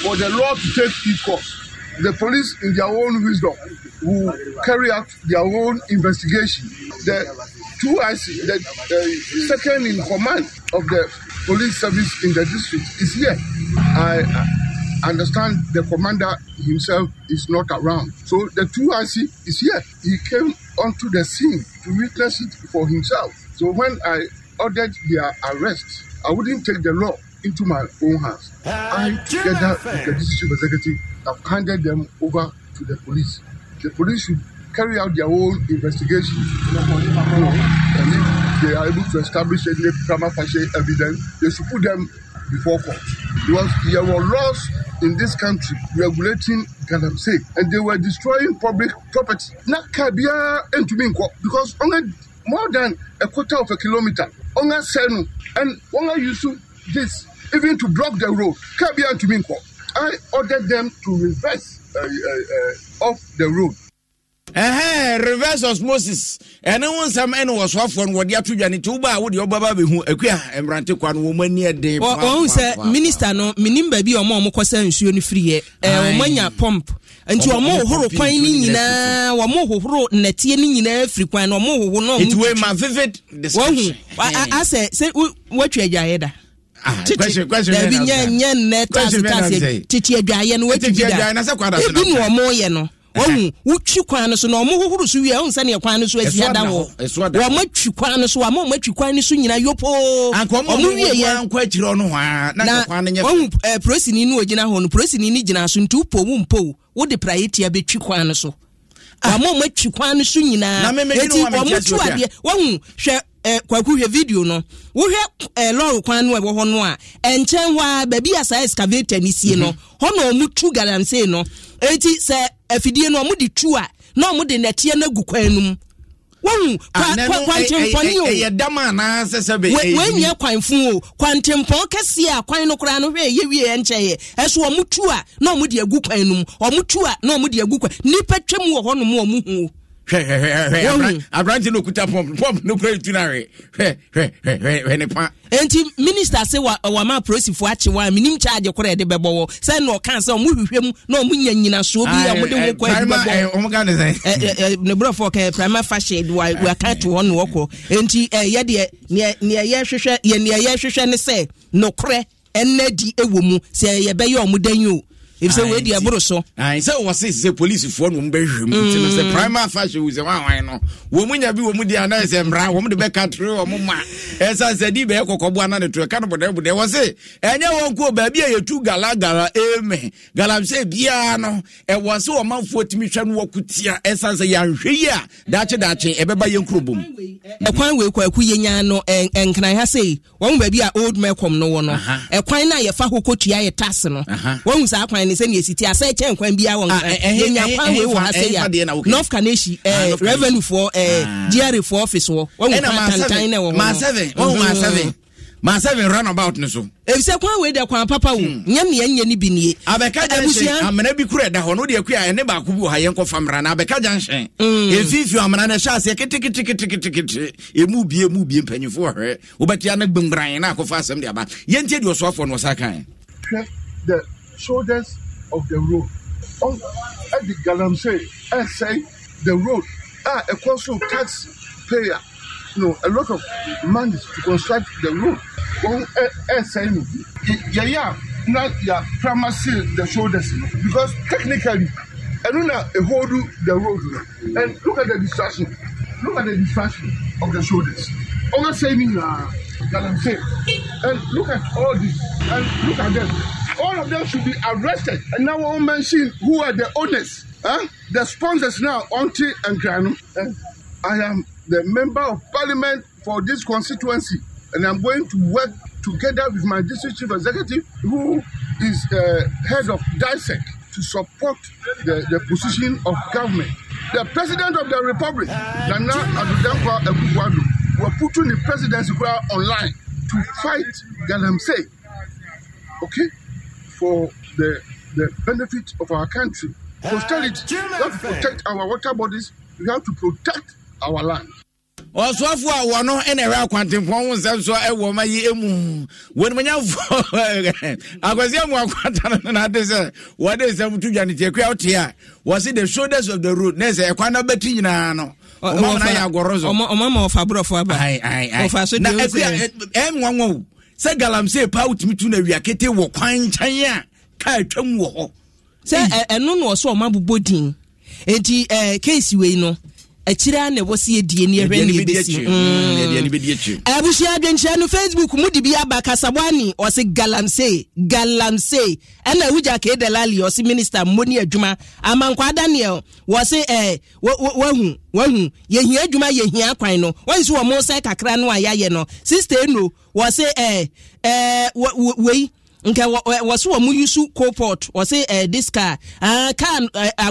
for the law to take its course. the police in their own wisdom will carry out their own investigation. The two IC, the, the second in command of the police service in the district is here. I, understand the commander himself is not around. So the 2IC is here. He came onto the scene to witness it for himself. So when I ordered their arrest, I wouldn't take the law into my own hands. I, together with the district executive, have handed them over to the police. The police should carry out their own investigation they are able to establish any prima facie evidence, they should put them before court. Because there were laws in this country regulating say, and they were destroying public property. Not Kabia and Tuminko, because only more than a quarter of a kilometer, only Senu, and only Yusuf, this, even to block the road, Kabia and Tuminko. I ordered them to reverse uh, uh, uh, off the road ɛhɛn reverse osmosis ɛne
ho nsɛm ɛne wɔ so afoɔ no wɔde ato dwa ne ti wo wode wobɛba bɛhu akua mmerante kwa no wɔm ani ɛden ɔhu
sɛ minister no menim baabi ɔma ɔmo kɔsa nsuo no firiɛ ɔmo anya pump nti ɔmo hohoro kwan no nyinaa ɔmo hohoro nnɛteɛ no nyinaa firi kwan no ɔmo hohoro na ɔmo ma vivid description wahu asɛ sɛ watwa agyaeɛ da
dabi ah, nyɛ
nnɛ taase taase tete adwaeɛ no watwa bi da ebi na ɔmo yɛ no ɔhu wotwi kwan no so na ɔmo hohoro so wie ɔhu sɛneɛ kwan no so asia da hɔ
wɔma
atwi kwan no so ama atwi kwan no so nyina yopoo ɔmo wieyɛ na ɔhu eh, prosini no ɔgyina hɔ no prosini no gyina so nti wopɔ mu mpo wode praeɛ tia kwan no so ah. ama ɔma atwi kwan no so nyinaa ɔmo kwan no a ɛwɔ hɔ no a hɔ a baabi a afidie no ɔmo de tu a na ɔmo de nɛteɛ no agu kwan no mu wohu kwantempɔne owannyɛ kwanfo o kwantempɔn kɛseɛ a kwan no koraa no hwɛ ɛyɛ wie ɛnkyɛeɛ ɛso ɔmo tu a na ɔmo de agu kwan no mu ɔmo
tu a na ɔmo de agu kwan nnipa twam wɔ hɔ nom ɔmo hu o aberante no kuta pump pump no kura etu nare hwɛ nipa. nti minista se wa
wama polisifoɔ akyi wa minim charge kora yɛde bɛbɔ wɔ sɛ na ɔka sɛ ɔmo hwehwɛ mu na ɔmo nya nyinasoɔ bi a ɔmo de wɔn kɔ ɛdi bɛbɔ wɔ. ɔmo ka ne sɛ. ɛ ɛ ne borɔfo kɛ prima fashion wa wa ka to hɔ na wɔkɔ nti ɛ eh, yɛ deɛ neɛ neɛ yɛ hwehwɛ yɛ neɛ yɛ hwehwɛ ne sɛ
nokorɛ ɛnna di ɛwɔ mu sɛ yɛ bɛyɛ ɔmo dan yi o efisɛ wei di ɛboro so. Ah, ah, sɛ wɔn se sɛ polisifoɔ na wɔn bɛ hwɛ mu ti no sɛ mm. primary fashion wusɛ wɔn awan no wɔn mu nya bi wɔn mu di anan sɛ mra wɔn de bɛ katoro wɔn ma ɛsan sɛ di bɛyɛ kɔkɔbu anan de to ɛka no bɔdɛ bɔdɛ wɔn se ɛnyɛ wɔn ko baabi a yɛtu gala gala eme galamsey biara no ɛwɔ se wɔn manfoɔ tumi hwɛ no wɔ kutia ɛsan sɛ yɛahwɛ yi a daakye daakye ɛbɛba yɛn kuro
bom. ɛkwan wei kɔ ɛku yenya no ɛnkran ha old melcom no wɔ no ɛkwan na yɛfa hɔ kɔtua yɛ taase no wɔn kwan ne sɛ ne ɛsiti asɛ ɛkyɛ nkwan biaa wɔ ah, eh, eh, yɛnya eh, kwan wei wɔ ha sɛ yɛ north kanehyi ah, revenue foɔ ah. gre foɔ office wɔ wahutantan na ɛwɔ hɔ
maa seven run about ne so. efisɛ kwa wei de kwan papa wo nyɛ nea nyɛ ne bi nie. abɛka junction amena bi kura da hɔ n'o de eku a ɛne baako bi wɔ ha yɛn kɔ famra na abɛka junction. efiifio hmm. amena na ɛhyɛ aseɛ kitikitikitikitikiti emu bie emu bie mpanyinfo ɔhɛ wobɛtia ne gbengran yɛn na akɔfa asɛm de aba yɛn ti di ɔsɔfo na ɔsa kan.
shoulders of the road ɛde galamsey ɛsɛe the road a ɛkɔ so tax payer no a lot of money to construct the road wɔn ɛsɛe no yɛyɛ a na yɛ prama seal the shoulders no because technically ɛno na ɛhold the road no and look at the destruction look at the destruction of the shoulders wɔn ɛsɛe no nyinaa. that And look at all this. And look at them. All of them should be arrested. And now I won't mention who are the owners. Huh? The sponsors now, Auntie and Granu. I am the member of parliament for this constituency. And I'm going to work together with my district chief executive, who is uh, head of DISEC, to support the, the position of government. The president of the republic, Nana Adudangwa Ekubuadu. were putting the presidency online to fight galamse. okay, for the, the benefit of our country. Posterity, we have to protect our water bodies, we have to protect our land.
ɔsoafo a wɔ no ɛwɛ akwantempɔn ho nsɛm so ɛwɔ e ma yi emu wɔnumanyafo akwasi mu akwanta no na ade sɛ wɔde nsɛm to dwa ne tiɛ kura ɔte the shoulders of the road na ɛsɛ ɛkwan na bɛti nyinaa no ɔma na yɛ ọfọ so
ɔma aba ɔfa so
sɛ galamsey paa wotumi tu na awia kete wɔ kwan nkyɛn a ka atwam wɔ hɔ sɛ ɛno na ɔsɛ
ɔma bobɔ din enti keesi wei no akyire a na ɛwɔ sɛ yɛdie ne yɛhwɛ ne yɛbɛsi mm, mm. abusua adwenkyerɛ no facebook mu de bi aba kasaboani ɔse galamsey galamsey ɛna wogya ke delali ɔse minister mmɔ ne adwuma amankwa daniel wɔse eh, wahu wahu yɛhia adwuma yɛhia kwan no wɔn nso wɔn sɛ kakra no a yɛayɛ no sista eno wɔse eh, eh, wei nkɛ wɔso wɔn yusu coalport wɔse eh, this car uh, car uh,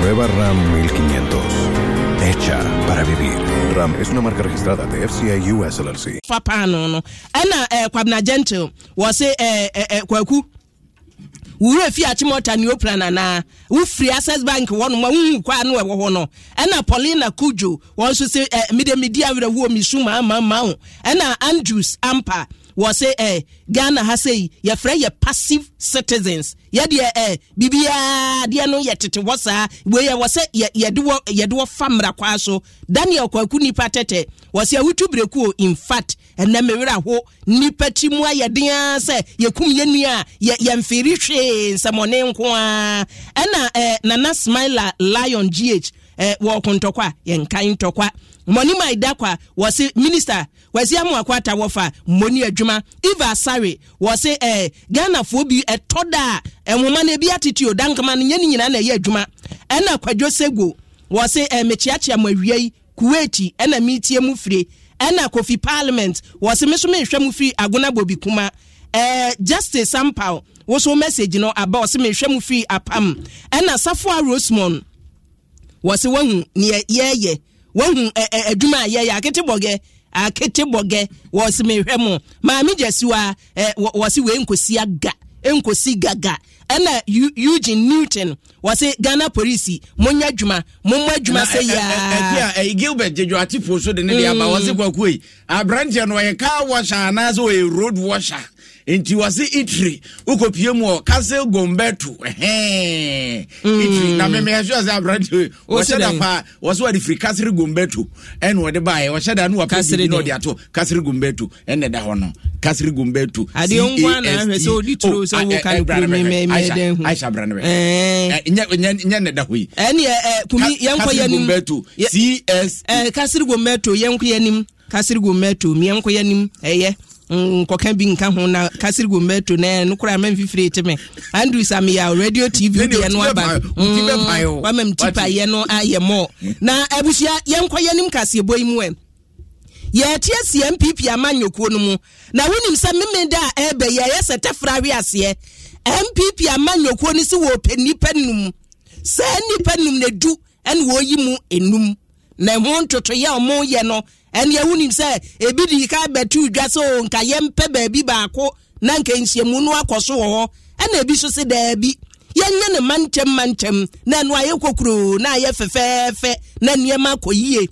Nueva RAM 1500. Hecha para vivir. RAM es una marca registrada de FCI US LLC.
Papa no no. Ana eh, kwabna gentle. Wose eh, eh eh kwaku. wura fi achimota ni opra na na wo free access bank wo no wo kwa no wo ho no ɛna paulina kujo wɔn nso si eh, media media awerɛhoɔ misuma ama ma ho ɛna andrews ampa wɔ se eh, ghana ha sɛ yɛfrɛ yɛ passive citizens yɛdeɛ eh, biribiaa deɛ no yɛtete hɔ saa weiɛ wɔ sɛ yɛde wɔ fa mmara kwaa so daniel kwaku nipa tɛtɛ wɔ sɛ awotu berɛkuo infact ɛnɛ mmerɛ ho nipa ti mu ayɛ den a sɛ yɛkum yɛ nua a yɛmfiri hwee nsɛmɔne nko a ɛna eh, nana smiler lion gh eh, wɔ kontɔkwa yɛnkan ntɔkwa mɔnim aida kwa wɔ se minister wɔsi amu akwata wɔfa mmoni adwuma eva asare wɔsi ɛɛ eh, ghanafoɔ bi ɛtɔ eh, da a eh, ɛnwoma na ebi atete o dankama no nyɛ ne nyinaa na ɛyɛ adwuma ɛna kwadwo sego wɔsi ɛɛ mekyiakyia mu awia yi kuwaiti ɛna meetie mu fire ɛna kofi parliament wɔsi meso mehwɛ mu firi agona bobi kuma ɛɛ justice sampao woso message no aba wɔsi mehwɛ mu firi apam ɛna safoa rosemond wɔsi wɔhu nea yɛɛyɛ wɔhu ɛɛ adwuma a yɛɛyɛ akete bɔgɛ akete ah, bɔgɛ wɔsi mehwɛ mu maame gyesiwa ɛ eh, wɔsi wɔ nkosi aga eh, nkosi gaga ɛna eugene newton wɔsi ghana polisi
juma adwuma monyɛ adwuma sɛ eh, yaa. ɛdi a ɛyi gilbert jejo ati fo so de ne de aba mm. wɔsi kɔkɔe aberanteɛ no ɔyɛ car washer anaasɛ ɔyɛ road washer. nti wɔse itri wokɔpie mu wɔ castle gombeto mm. itri na memehɛhwɛ sɛ aberante wɔhyɛ da paa wɔ so wɔde firi castle gombeto ɛne wɔde baɛ wɔhyɛ da ne wapɛbi na ɔde ato castle gombeto ɛnɛ da hɔ no kasiri gombeto aisha branwe nyɛ ne da hɔ yi
kasiri gombeto
cs
kasiri gombeto yɛnkɔ yɛnim kasiri gombeto miɛnkɔ yɛnim ɛyɛ nkɔka bi nka ho na kasiri go mbɛto na ɛno koraa mɛ nfifiri mm, ti mi andrew samia radio tv deɛ no aba wama mu tipa yɛ no ayɛ mɔ na abusua yɛn kɔ yɛn nim kaseɛ bɔ yi mu ɛ yɛte asi mpp ama nyokuo no mu na wonim sɛ meme da a ɛbɛ yɛ ɛyɛ sɛ tɛfra awe aseɛ mpp ama nyokuo no si wɔ pɛ nnipa num sɛ nnipa num na du ɛna wɔyi mu enum na ɛho ntotoyɛ a ɔmo yɛ no ɛneɛ wonim sɛ ebi de ka bɛtu dwa sɛ o nka yɛmpɛ baabi baako na nka nhyiamu no akɔ so wɔ hɔ ɛna ebi so se daabi yɛnyɛ ne ma nkyɛm ma nkyɛm na ɛno ayɛ kokuro na ayɛ fɛfɛɛfɛ na nneɛma akɔ yie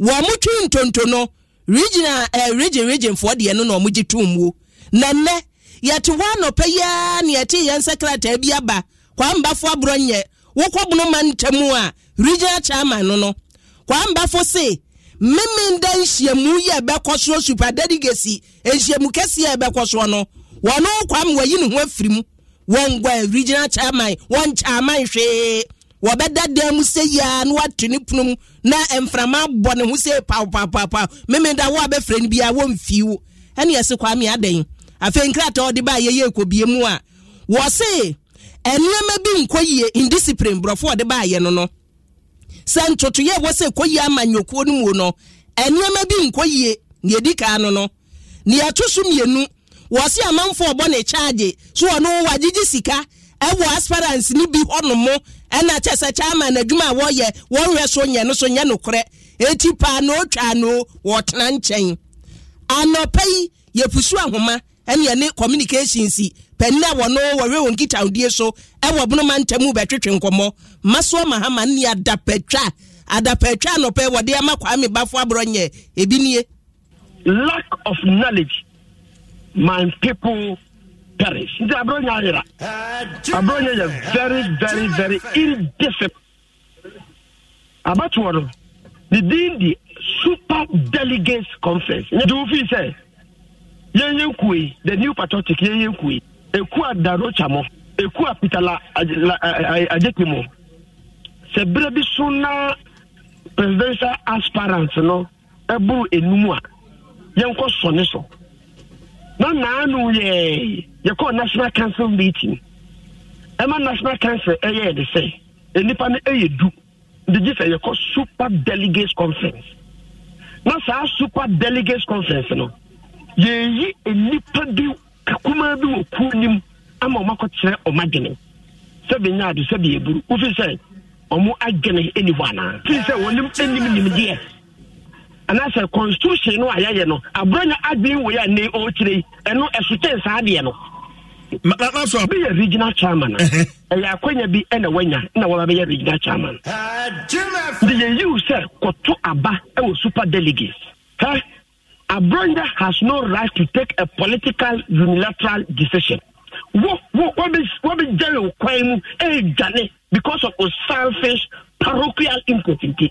wɔn mo twi ntonto no regional ɛɛ region region foɔ deɛ no na wɔn gye to mu na nnɛ yɛte hɔ anɔpɛ yaa na yɛte yɛn nsakrataa bi aba kwambafo aborɔ nyɛ wokɔ bono ma ntam a regional chairman no no kwambafo se mmemme nda nhyiamu yi ɛbɛkɔ so super delicacy nhyiamu kɛseɛ ɛbɛkɔ so no wɔn kwam wɔyi ne ho afiri mu wɔn gɔ regional chairman wɔn chairman hwee wɔbɛda dan mu sɛ yia na wato ne pono mu na mframa bɔ ne ho sɛ pawpawpaw mmemme da wo a bɛfrɛ no biara wɔmfii wo ɛne yɛse kwame adan afei nkrataa ɔde ba yɛyɛ ekobie mu a wɔse nneɛma bi nkɔ yie indiscipline borɔfo ɔde ba yɛ no no sɛ ntotoyɛ wɔ sɛ kɔyie ama nnwokuo no mu no nneɛma bi nkɔ yie ɛdi kan no no nea ɛto so mmienu wɔsi amanfo ɔbɔ ne kyaagye so ɔno wagyegye sika ɛwɔ aspirants ne bi hɔnom ɛna kyɛ sɛ chairman adwuma a wɔyɛ wɔnhwɛ so nyɛ no so nyɛ nokorɛ eti paa na otwa ano wɔtena nkyɛn anɔpɛ yi yɛpusu ahoma ɛne ɛne communications panin a wɔno wɔhwɛ wɔn nkitahodie so ɛwɔ bonoma ntamu bɛtwetwe nkɔmmɔ masoa mahama ne adapatwa adapatwa anɔpɛ wɔde ama kwame bafo aborɔ nyɛ ebi nie. lack of knowledge my people
perish nti aburɔ nyɛ ayera aburɔ nyɛ yɛ very very very indecent abatoɔ no the din the super delegates conference nyɛ dun fi sɛ yɛn yɛn kue the new patriotic yɛn yɛn kue eku adarochamɔ eku apitala ajetimo sɛ berɛ bi so na presidential aspirant no ɛboro enum a yɛnkɔ sɔne so na naanu yɛ yɛkɔ national council meeting ɛma national council ɛyɛ yɛ de sɛ enipa no ɛyɛ du de gye sɛ yɛkɔ super delegates conference na saa super delegates conference no yɛyi enipa bi kakuma bi wɔ kuo nim ama ɔmo akɔkyerɛ ɔmo adwene sɛbi nyaade sɛbi eburu wofi sɛ ɔmo agene ɛni hɔ anaa fii sɛ wɔnim ɛnim nimdeɛ anaasɛ constitution no a yɛyɛ no aborɔnya adwene wei a ne ɔkyerɛ ɛno ɛsokyɛn saa deɛ no naso bi yɛ regional chairman ɛyɛ akwanya e bi ɛna wanya na wɔba bɛyɛ regional chairman de yɛyiw sɛ kɔto aba ɛwɔ e super delegate Ha? aborɔnya has no right to take a political unilateral decision wo wo wɔbɛ gyale wo kwan mu ɛredwane eh, because of o selfish
parochial input nti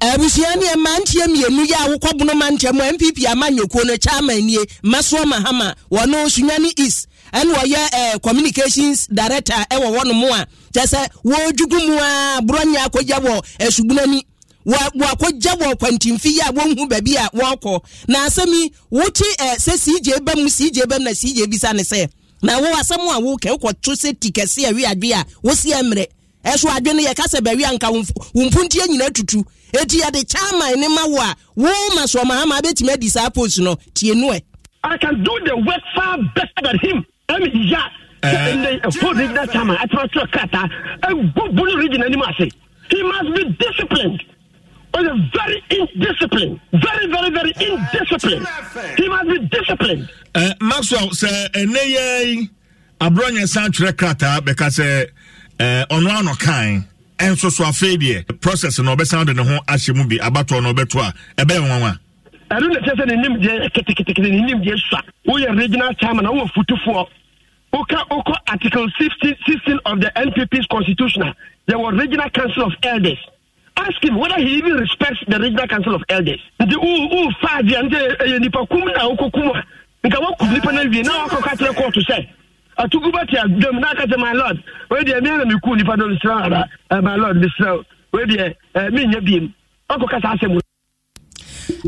abusua eh, ne mmeranteɛ mmienu yɛ a wokɔbono manteɛ mu mpp amanyɔkuo no chairman nie masoɔ mahama wɔno sunyane east ɛne wɔyɛ eh, communications director ɛwɔ eh, hɔ nom a kyɛ sɛ wɔredwugu mu a borɔnyɛ akɔgya wɔ asubunani eh, wɔakɔgya wɔ kwantimfi yi a wɔnhu baabi a wɔrekɔ na asɛm yi wote eh, sɛ cj ba mu cj ba mu na cj bisa ne sɛ na wo asɛm a wo kɛ wokɔto sɛ ti kɛse awi adwe a wosi mmerɛ ɛso adwe no yɛka sɛ baawi anka wo mpontiɛ nyinaa tutu ɛti yɛde chairman ne ma wo a wo ma so ɔmaama bɛtumi adi saa post no tie no ɛ I can do the work far better than him. I mean, yeah. Uh, the full regional chairman, I transfer Qatar, and good region anymore.
He must be disciplined is very indisciplined. Very, very, very indisciplined. He must be disciplined. Uh, Maxwell, sir, ɛnɛyɛ abrɔnyɛ san twerɛ krataa bɛka sɛ ɔno eh, ano kan ɛnso so afei deɛ process na ɔbɛsan de ne ho ahyɛ mu bi abatoɔ na ɔbɛto a ɛbɛyɛ nwanwa. ɛno na kyɛ sɛ ne nim deɛ ketekete ne nim deɛ sa regional chairman na wowɔ futufoɔ
Oka wokɔ article 16 of the npp's constitutional. There yɛwɔ regional council of elders ask him whether he even respects the regional council of elders. Nti wo wo fa adi eh, nipa kum na wokɔ nka wakum nipa no awie na wakɔ ka kyerɛ kɔɔto sɛ atugu ba te adwam na aka my lord wei deɛ meɛ na mekum nipa no mesrɛ eh, my lord mesrɛ wei eh, deɛ menyɛ biem wakɔ ka saa asɛm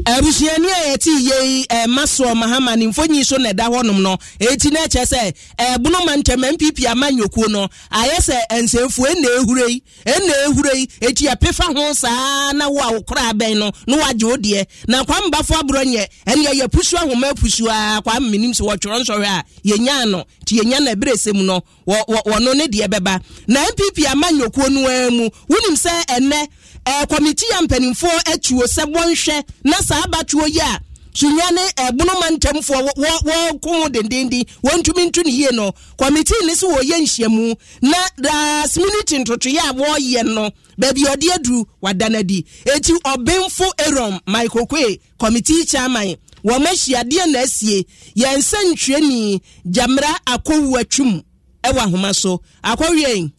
abusuani a yɛte yie ɛma eh, soɔ mahama ne mfonyi so na ɛda hɔnom no eti na ɛkyɛ sɛ ɛbono eh, ma ntɛm npp ama nyokuo no ayɛ sɛ nsɛmfuo ɛna ehuro yi ɛna ehure yi eti ɛpefa ho saa na wo a wokora abɛn no na wagye wo deɛ na kwan mbafo aburo nyɛ ɛni ɛyɛ pusu ahoma pusu a kwan mminim so wɔtwerɛ nsɔhwɛ a yɛnya no ti yɛnya na ebere esem no wɔ wɔ wɔno ne deɛ bɛba na npp ama nyokuo no mu wunim sɛ ɛnɛ ɛɛ kɔmiti a mpanimfoɔ atuo sɛ wɔnhwɛ na saa abatuo yi a sunya ne ɛbunoma ntɛmfoɔ wɔ wɔko ho dendenden wɔntumi ntu ne yie no kɔmiti ne so wɔyɛ nhyiamu na raasimiliti ntotoyɛ a wɔreyɛ no baabi ɔde aduru wada no adi eti ɔbɛnfo aron michael kwe kɔmiti chairman wɔn ahyiadeɛ na asie yɛn nsa ntwerɛni gyamra akɔwu atwam ɛwɔ ahoma so akɔwie.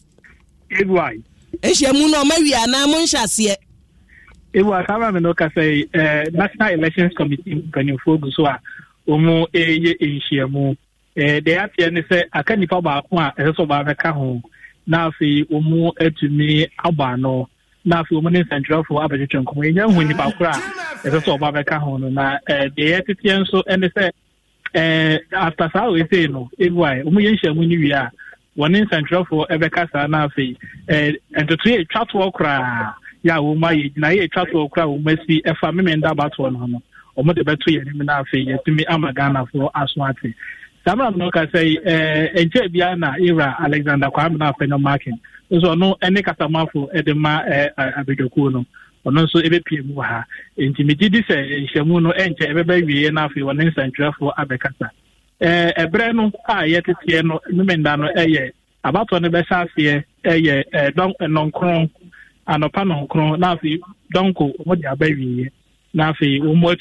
edward nhyiamu no ɔma wie na mo nhyɛ aseɛ ewu asaba mi no kasa yi eh, national elections
committee mpanyinfoɔ gu so a wɔn ɛɛyɛ eh, nhyiamu ɛɛ eh, deɛ ateɛ ne sɛ aka nipa baako a ɛsɛ sɛ ɔbaa bɛka ho na afei wɔn atumi abɔ ano na afei wɔn ne nsɛntwerɛfoɔ abɛtwitwa nkɔmɔ yɛn ho nipa koro a ɛsɛ sɛ ɔbaa bɛka ho no na ɛɛ deɛ yɛteteɛ nso ɛne sɛ ɛɛ after saa wei sei no ewu a wɔn yɛ nhyiamu ne wie a wɔne nsɛntwerɛfoɔ ɛbɛka saa na afei ntoto yɛ etwa toɔ koraa yɛ a wɔn mu ayɛ gyina yɛ etwa toɔ koraa wɔn mu asi ɛfa mmemmenda abatoɔ no ho no wɔn de bɛto yɛn anim na afei yɛtumi ama ghanafoɔ aso ate saa mmerɛ mmerɛ kasa yi ɛɛ nkyɛn bia na ira alexander kwame na afɛn makin nso ɔno ɛne kasamafo ɛde ma ɛɛ abadwakuo no ɔno nso ɛbɛpie mu wɔ ha nti megye di sɛ nhyiamu no ɛnkyɛ ɛbɛbɛ wie na afei wɔne nsɛntwerɛfoɔ abɛkasa Eh, ebere no a yɛteteɛ no memenda no ɛyɛ abatɔ no bɛhyɛ aseɛ ɛyɛ eh, ɛnɔnkron anɔpa na afei dɔnko wɔde aba wieɛ na afei wɔn mu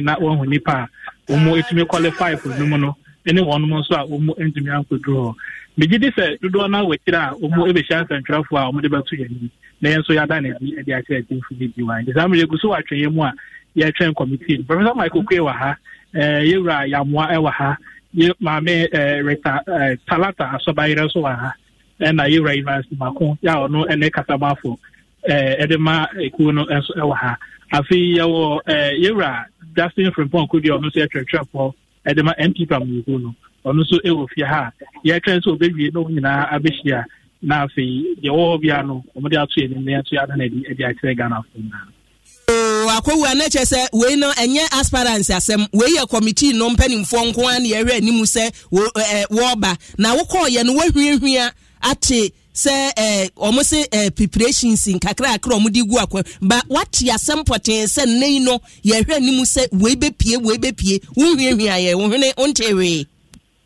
na wɔahu nipa a wɔn mu atumi qualify for no no wɔn mu nso a wɔn mu ntumi ankɔduru hɔ megye gidi sɛ dodoɔ na a de ni na yɛn nso yɛada na ɛdi so mu a committee professor michael ha. Eh, yɛwura yɛamoa ɛwɔ eh, ha maame eh, rita talata asɔbayerɛ nso wɔ ha ɛna yɛwura university mako yɛ a ɔno ɛne kasamafo ɛde ma ekuo no nso ɛwɔ ha afei yɛwɔ yɛwura justin frimpong kodi ɔno nso yɛtwerɛtwerɛfoɔ ɛde ma npp amanyɔkuo no ɔno nso ɛwɔ fie ha yɛtwa nso ɔbɛwie na wɔn nyinaa abɛhyia na afei deɛ ɛwɔ hɔ bia no wɔde ato anim na yɛato yɛ adanadi de akyerɛ ghanafoɔ nyinaa
akɔwu a na kyerɛ sɛ wei no ɛnyɛ aspirants asɛm wei yɛ committee no mpanimfoɔ nko ara na yɛhwɛ anim sị wɔreba na ya na woahwiahwia ate sɛ ɛɛ sị se ɛɛ preparations nkakra akra wɔn dị gu akɔ ba wate asɛm pɔtɛn sɛ nne yi no yɛhwɛ anim sɛ wei bɛpie wei bɛpie wohwiahwia yɛ wohwene wontewee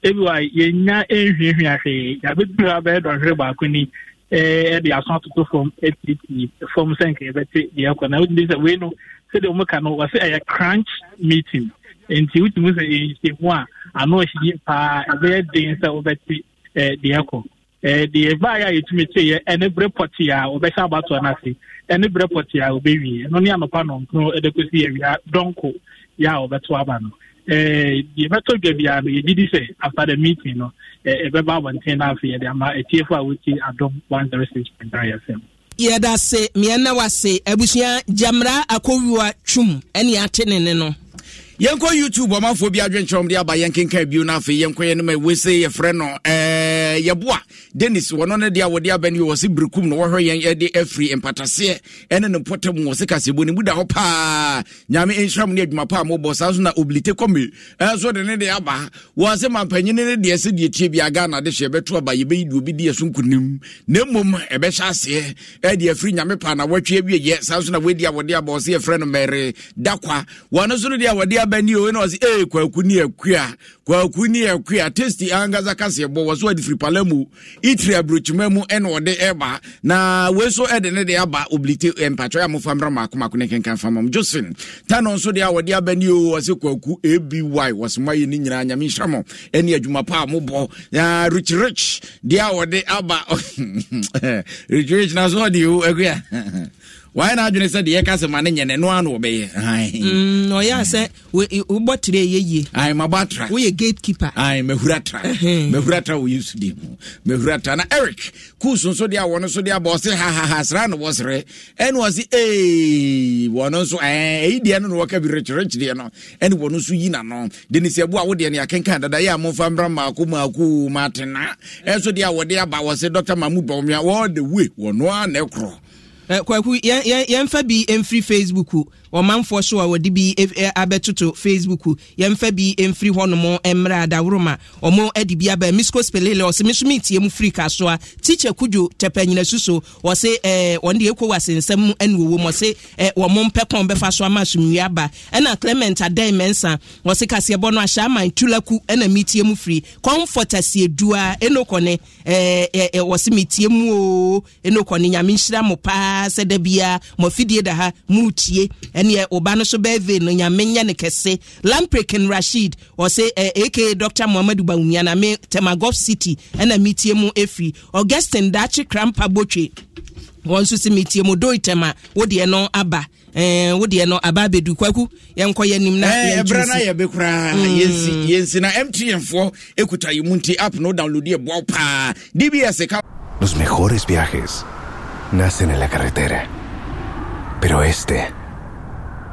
ebi wa yɛnya
nhwiahwia hwee yɛabɛduru abɛyɛ dɔnhwere baako ni ɛde eh, aso atoto fam atiti fam sɛ nka yɛbɛte deɛ ɛkɔ na wotumi sɛ wei no sɛdeɛ wɔn ka no wɔsɛ ɛyɛ crunch meeting nti wotumi sɛ ɛyɛ mu a ano ahyia paa ɛbɛyɛ den sɛ wɔbɛte ɛɛ deɛ ɛkɔ ɛɛ deɛ baayɛ a yɛtumi te yɛ ɛne bere pɔte a wɔbɛhyɛ abatoɔ n'ase ɛne bere pɔte a wɔbɛwie ɛno ne anɔpa nɔnkoro ɛde kɔsi awia dɔnko yɛ a wɔbɛto aba no Eh, yɛbɛtɔ dwa biara no yɛgye di sɛ after the meeting no eh, ɛbɛba abɔnten no afei yɛde ama atiefo a wɔti adom 106.9 fm
yɛda se meɛ na wase abusua gyamra akɔwiwa twum ɛne ate ne ne no yɛnkɔ youtube ɔmanfoɔ bi adwenkyerɛm de aba yɛnkenka bio no afei yɛnkɔ yɛ no ma wese yɛfrɛ no eh, yɛboa denis wɔno ne deɛ wɔde aba no yɛ berekum na wɔhwɛ yɛn de afiri mpataseɛ ɛne ne pɔtam wɔ se kasebɔ ne mu da hɔ paa nyame ɛnhyira mu ne adwuma pa a mobɔ saa so na obilite kɔme ɛnso de ne de aba wɔ se mampanyine ne deɛ sɛ deɛ tie bi aga na de hyɛ ɛbɛto aba yɛbɛyi deɛ obi deɛ so nkonim na mmom ɛbɛhyɛ aseɛ ɛde afiri nyame paa na wɔatwe awieyɛ saa so na wɔadi a wɔde aba wɔ se yɛfrɛ no mɛre dakwa wɔno so no deɛ a wɔde abani eh, o e na ɔsi ee kwaku ni akua kwaku ni akua tasty ankasa kasa ɛbɔ wɔ so ɔde firi pala mu itiri aburokyima mu ɛna ɔde ɛba na wei so ɛde ne de aba obilite mpatwa a mofa mmerɛ maako maako ne kenkan fam am josephine tano nso de a wɔde abani o ɔsi kwaku aby wɔsoma yɛ ne nyinaa nyame nhyira mo ɛne adwuma pa a mobɔ ya rich rich de a wɔde aba rich rich na so ɔde o akua wayɛ no adwene sɛ deɛ sɛ ma no nyɛ ne ano wɔbɛyɛ ɔyɛ sɛ wobɔ trɛ yɛyie mabɔ tra woyɛ gatekeeper mahura tra mahura tra wɔ yesu din mahura tra na eric kus nso deɛ wɔ no so deɛ abɔ ɔse hahaha sra no wɔserɛ ɛne ɔse ee wɔno nso ɛyi deɛ no wɔka bi no ɛne wɔno nso yi nano de ne a wodeɛ no yɛkenkan dada yɛ a momfa maako maako matena deɛ a wɔde aba Eh, kwaku yɛmfa bi mfiri facebook ɔmanfoɔ so a wɔde bi eh, eh,
abɛtoto facebook yɛmfa bi mfiri hɔnom eh, mmerɛ adaworoma ɔmo adi bi aba misco spelele ɔse me so metie mu firi kasoa teacher kudwo tɛpɛnyina su so ɔse ɛɛ wɔn de ekowa sensɛm mu ɛna wɔwɔ mu ɔse ɛɛ wɔn mpɛ kɔn bɛfa so ama asumwie aba ɛna clement adan mɛnsa ɔse kaseɛbɔ no ahyɛ ama ntulaku ɛna metie mu firi comfort asie dua enokɔ ne ɛɛ ɛɛ wɔse metie mu oo enokɔ nyame nhyira mo paa sɛ dɛbia mo afidie da ha mo ɛneɛ ɔba no so bɛɛve no nyame nyɛ no kɛse lamprekin rashid ɔse eh, aka dr mohamad bawumiana me temagov city ɛna metie mu ɛfiri augustin daakye krampa botwe wɔn nso si metie mu doitɛm a wodeɛ no aba wo no aba abɛdu kwaku yɛnkɔ yɛ
nim na no yɛ bɛ yɛnsi na mtnfoɔ ɛkuta yɛ mu nti app no download ɛboa paa dbs ka
Los mejores viajes nacen en la carretera, pero este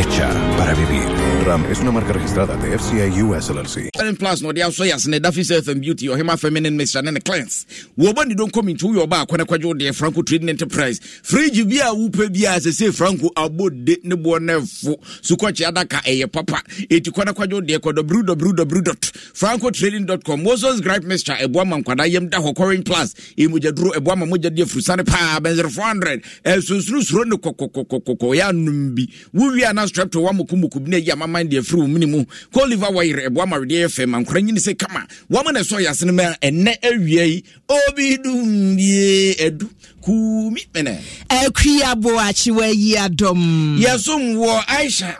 hecha para vivir. Ram es una marca registrada de FCI US LLC.
Parent plans no they also yes and that is health beauty or hema feminine mission and cleanse. Wo bani don't come into your bar kwana kwajo de Franco Trading Enterprise. Fridge bia wo pe bia se se Franco abode ne bo nefo. Sukochi adaka eye papa. Eti kwana kwajo de ko www.francotrading.com. Moses gripe mixture eboa man kwada yem da hokorin plus. Imujaduro e eboa man mujadie frusane pa benzer 400. Esunsuru suro ne kokokokoko ya numbi. Wo wi ana strepto wa mokumukum ne ɛyi amaman deɛ firi wo mene mu koliva wayere ɛboa ma wedeɛ yɛ fɛ ma nkora nyini sɛ kama wama na ɛsɔ yɛase no ma ɛnɛ yi obi dumbie ɛdu kumi mene akui aboakyewa yi adɔm yɛso mwoɔ aisha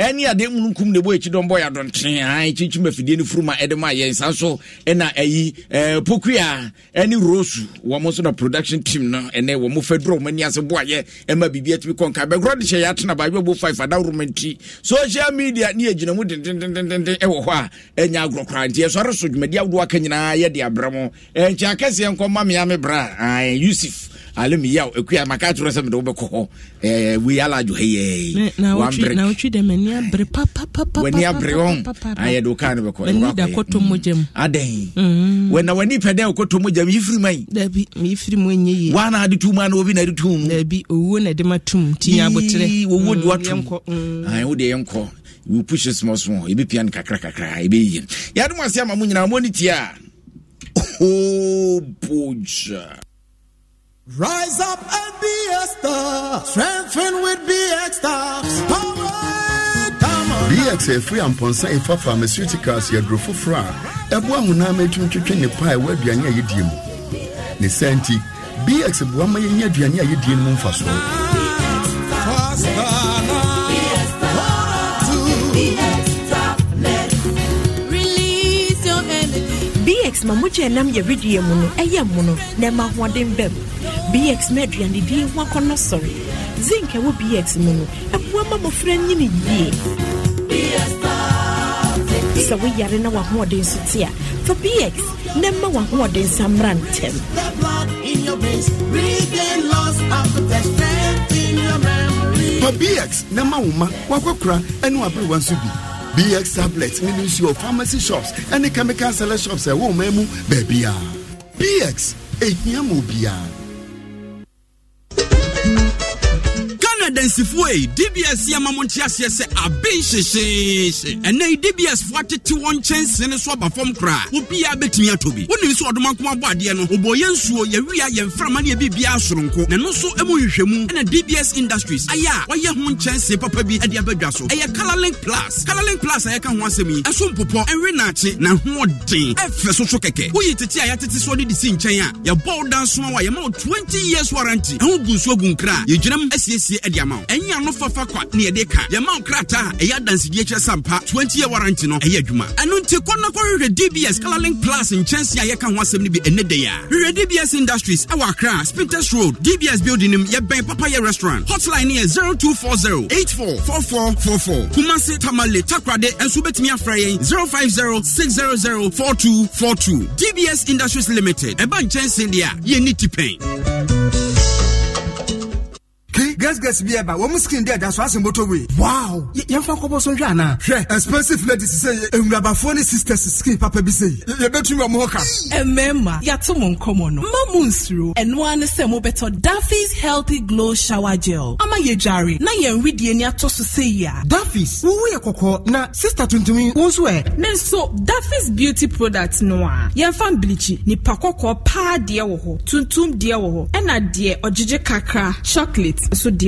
ɛne adeɛ mu no nkum ne bɔ akyi dɔm ah, e bɔ yɛ adɔntwee kyimkyim afidie no furuma ɛde e ma yɛn san so ɛna e ayi pokua ɛne rosu wɔm nso na production team no ɛnɛ wɔm fa durɔ wɔm ani ase boayɛ ɛma biribi atumi kɔnka bɛgorɔ de hyɛ yɛ atena baadwe bɔ five adawroma nti social media ne yɛgyina mu dendendenden ɛwɔ hɔ a ɛnya agorɔ koraa nti ɛsɔre so dwumadi ahodoɔ aka nyinaa yɛde abrɛ mo ɛnkyɛ akɛseɛ nkɔma meame bra ah, yusuf ale meyaw akua maka kyerɛ sɛ mede wobɛkɔ hɔ wei w'ani tu ana na tu mu na ma mm, mm. de we push mo nyinaa mɔne tie a oh Rise up and be a star. Strengthen with BX stars.
BX a free and pharmaceuticals yɛ duro pharmaceuticals a ɛboa honam etumi twitwi ne paa a yɛdie mu ne sɛ nti BX boa ma yɛnya aduane a yɛdie no mu mfa so.
BX ma mogya ɛnam yɛ redua mu no ɛyɛ mmono bx medri andedie ho akɔnɔ sɔre zinc ɛwɔ bx mu no ɛboa ma mmɔfra nyini yie sɛ woyare na wahoɔden so te a fa bx na ma wahoɔden sa mmra ntɛm
fa bx na ma wo ma wakɔkora ɛne waberewa nso bi bx tablet ne ne nsuo pharmacy shops ɛne chemical seller shops ɛwɔ ɔman mu baabia bx ehia ma obiara
ɛna adansifoɔ yi dbs yɛ ma mo nte aseɛ sɛ abe hyehyeehye ɛnɛ yi dbs foɔ atete wɔn nkyɛnsee ne so aba fam koraa obiara bɛtumi atɔ bi wonim sɛ ɔdoma nkoma bɔ adeɛ no wɔbɔ yɛn nsuo yɛwia yɛn mframa ne yɛbiribia na n'ano so mu nhwehwɛmu ɛna dbs industries ayɛ a wɔyɛ ho nkyɛnsee papa bi de abadwa so ɛyɛ colorlink plus colorlink plus a yɛka ho asɛm yi ɛso mpopɔ ɛnwe naakye na hoɔden ɛfɛ so so kɛkɛ woyi tete a yɛatete so de de si nkyɛn a yɛbɔ wo danso a yɛma wo 20 years warranty ɛho gu nsuo gu nkra a yɛgyinam asiesie ɛde de ama wo ɛnyɛ ano fafa kwa ne yɛde ka yɛma wo krataa a ɛyɛ adansedie kyerɛ sampa 20 yɛ warranty no ɛyɛ adwuma ɛno nti kɔ na kɔhwehwɛ dbs colorlink plus nkyɛnse a yɛka ho asɛm no bi ɛnɛ dɛ a hwehwɛ dbs industries ɛwɔ akra spinters road dbs building nim yɛbɛn papayɛ restaurant hotline ne yɛ 0240
844444
kumase tamale takrade nso wobɛtumi afra yɛn 050 dbs industries limited ɛba nkyɛnse deɛ a yɛnni tipɛn guest guest bi ɛba wɔn skin de ɛda so asɛn bɔtɔ wei. wow yɛn fa kɔbɔ so n hwɛ ana. hwɛ expensive ladies sɛ ewurabafoɔ ne sisters skin papa bi sɛ yɛbɛtumi wɔn ho ka. ɛmɛɛma
yàtò mo nkɔmɔ no mma mo nsoro ɛnua ne sɛ mo bɛtɔ daffy's healthy glow shower gel ama yɛ dware na yɛn ridie ni atɔ so sɛ yia. daffy's wowu yɛ kɔkɔɔ na sista tuntum wɔn nso ɛ. ne nso daffy's beauty product no a yɛn fa bleach nipa kɔkɔɔ paa deɛ wɔ hɔ tuntum deɛ wɔ hɔ ɛna deɛ ɔgyegye kakra chocolate nso deɛ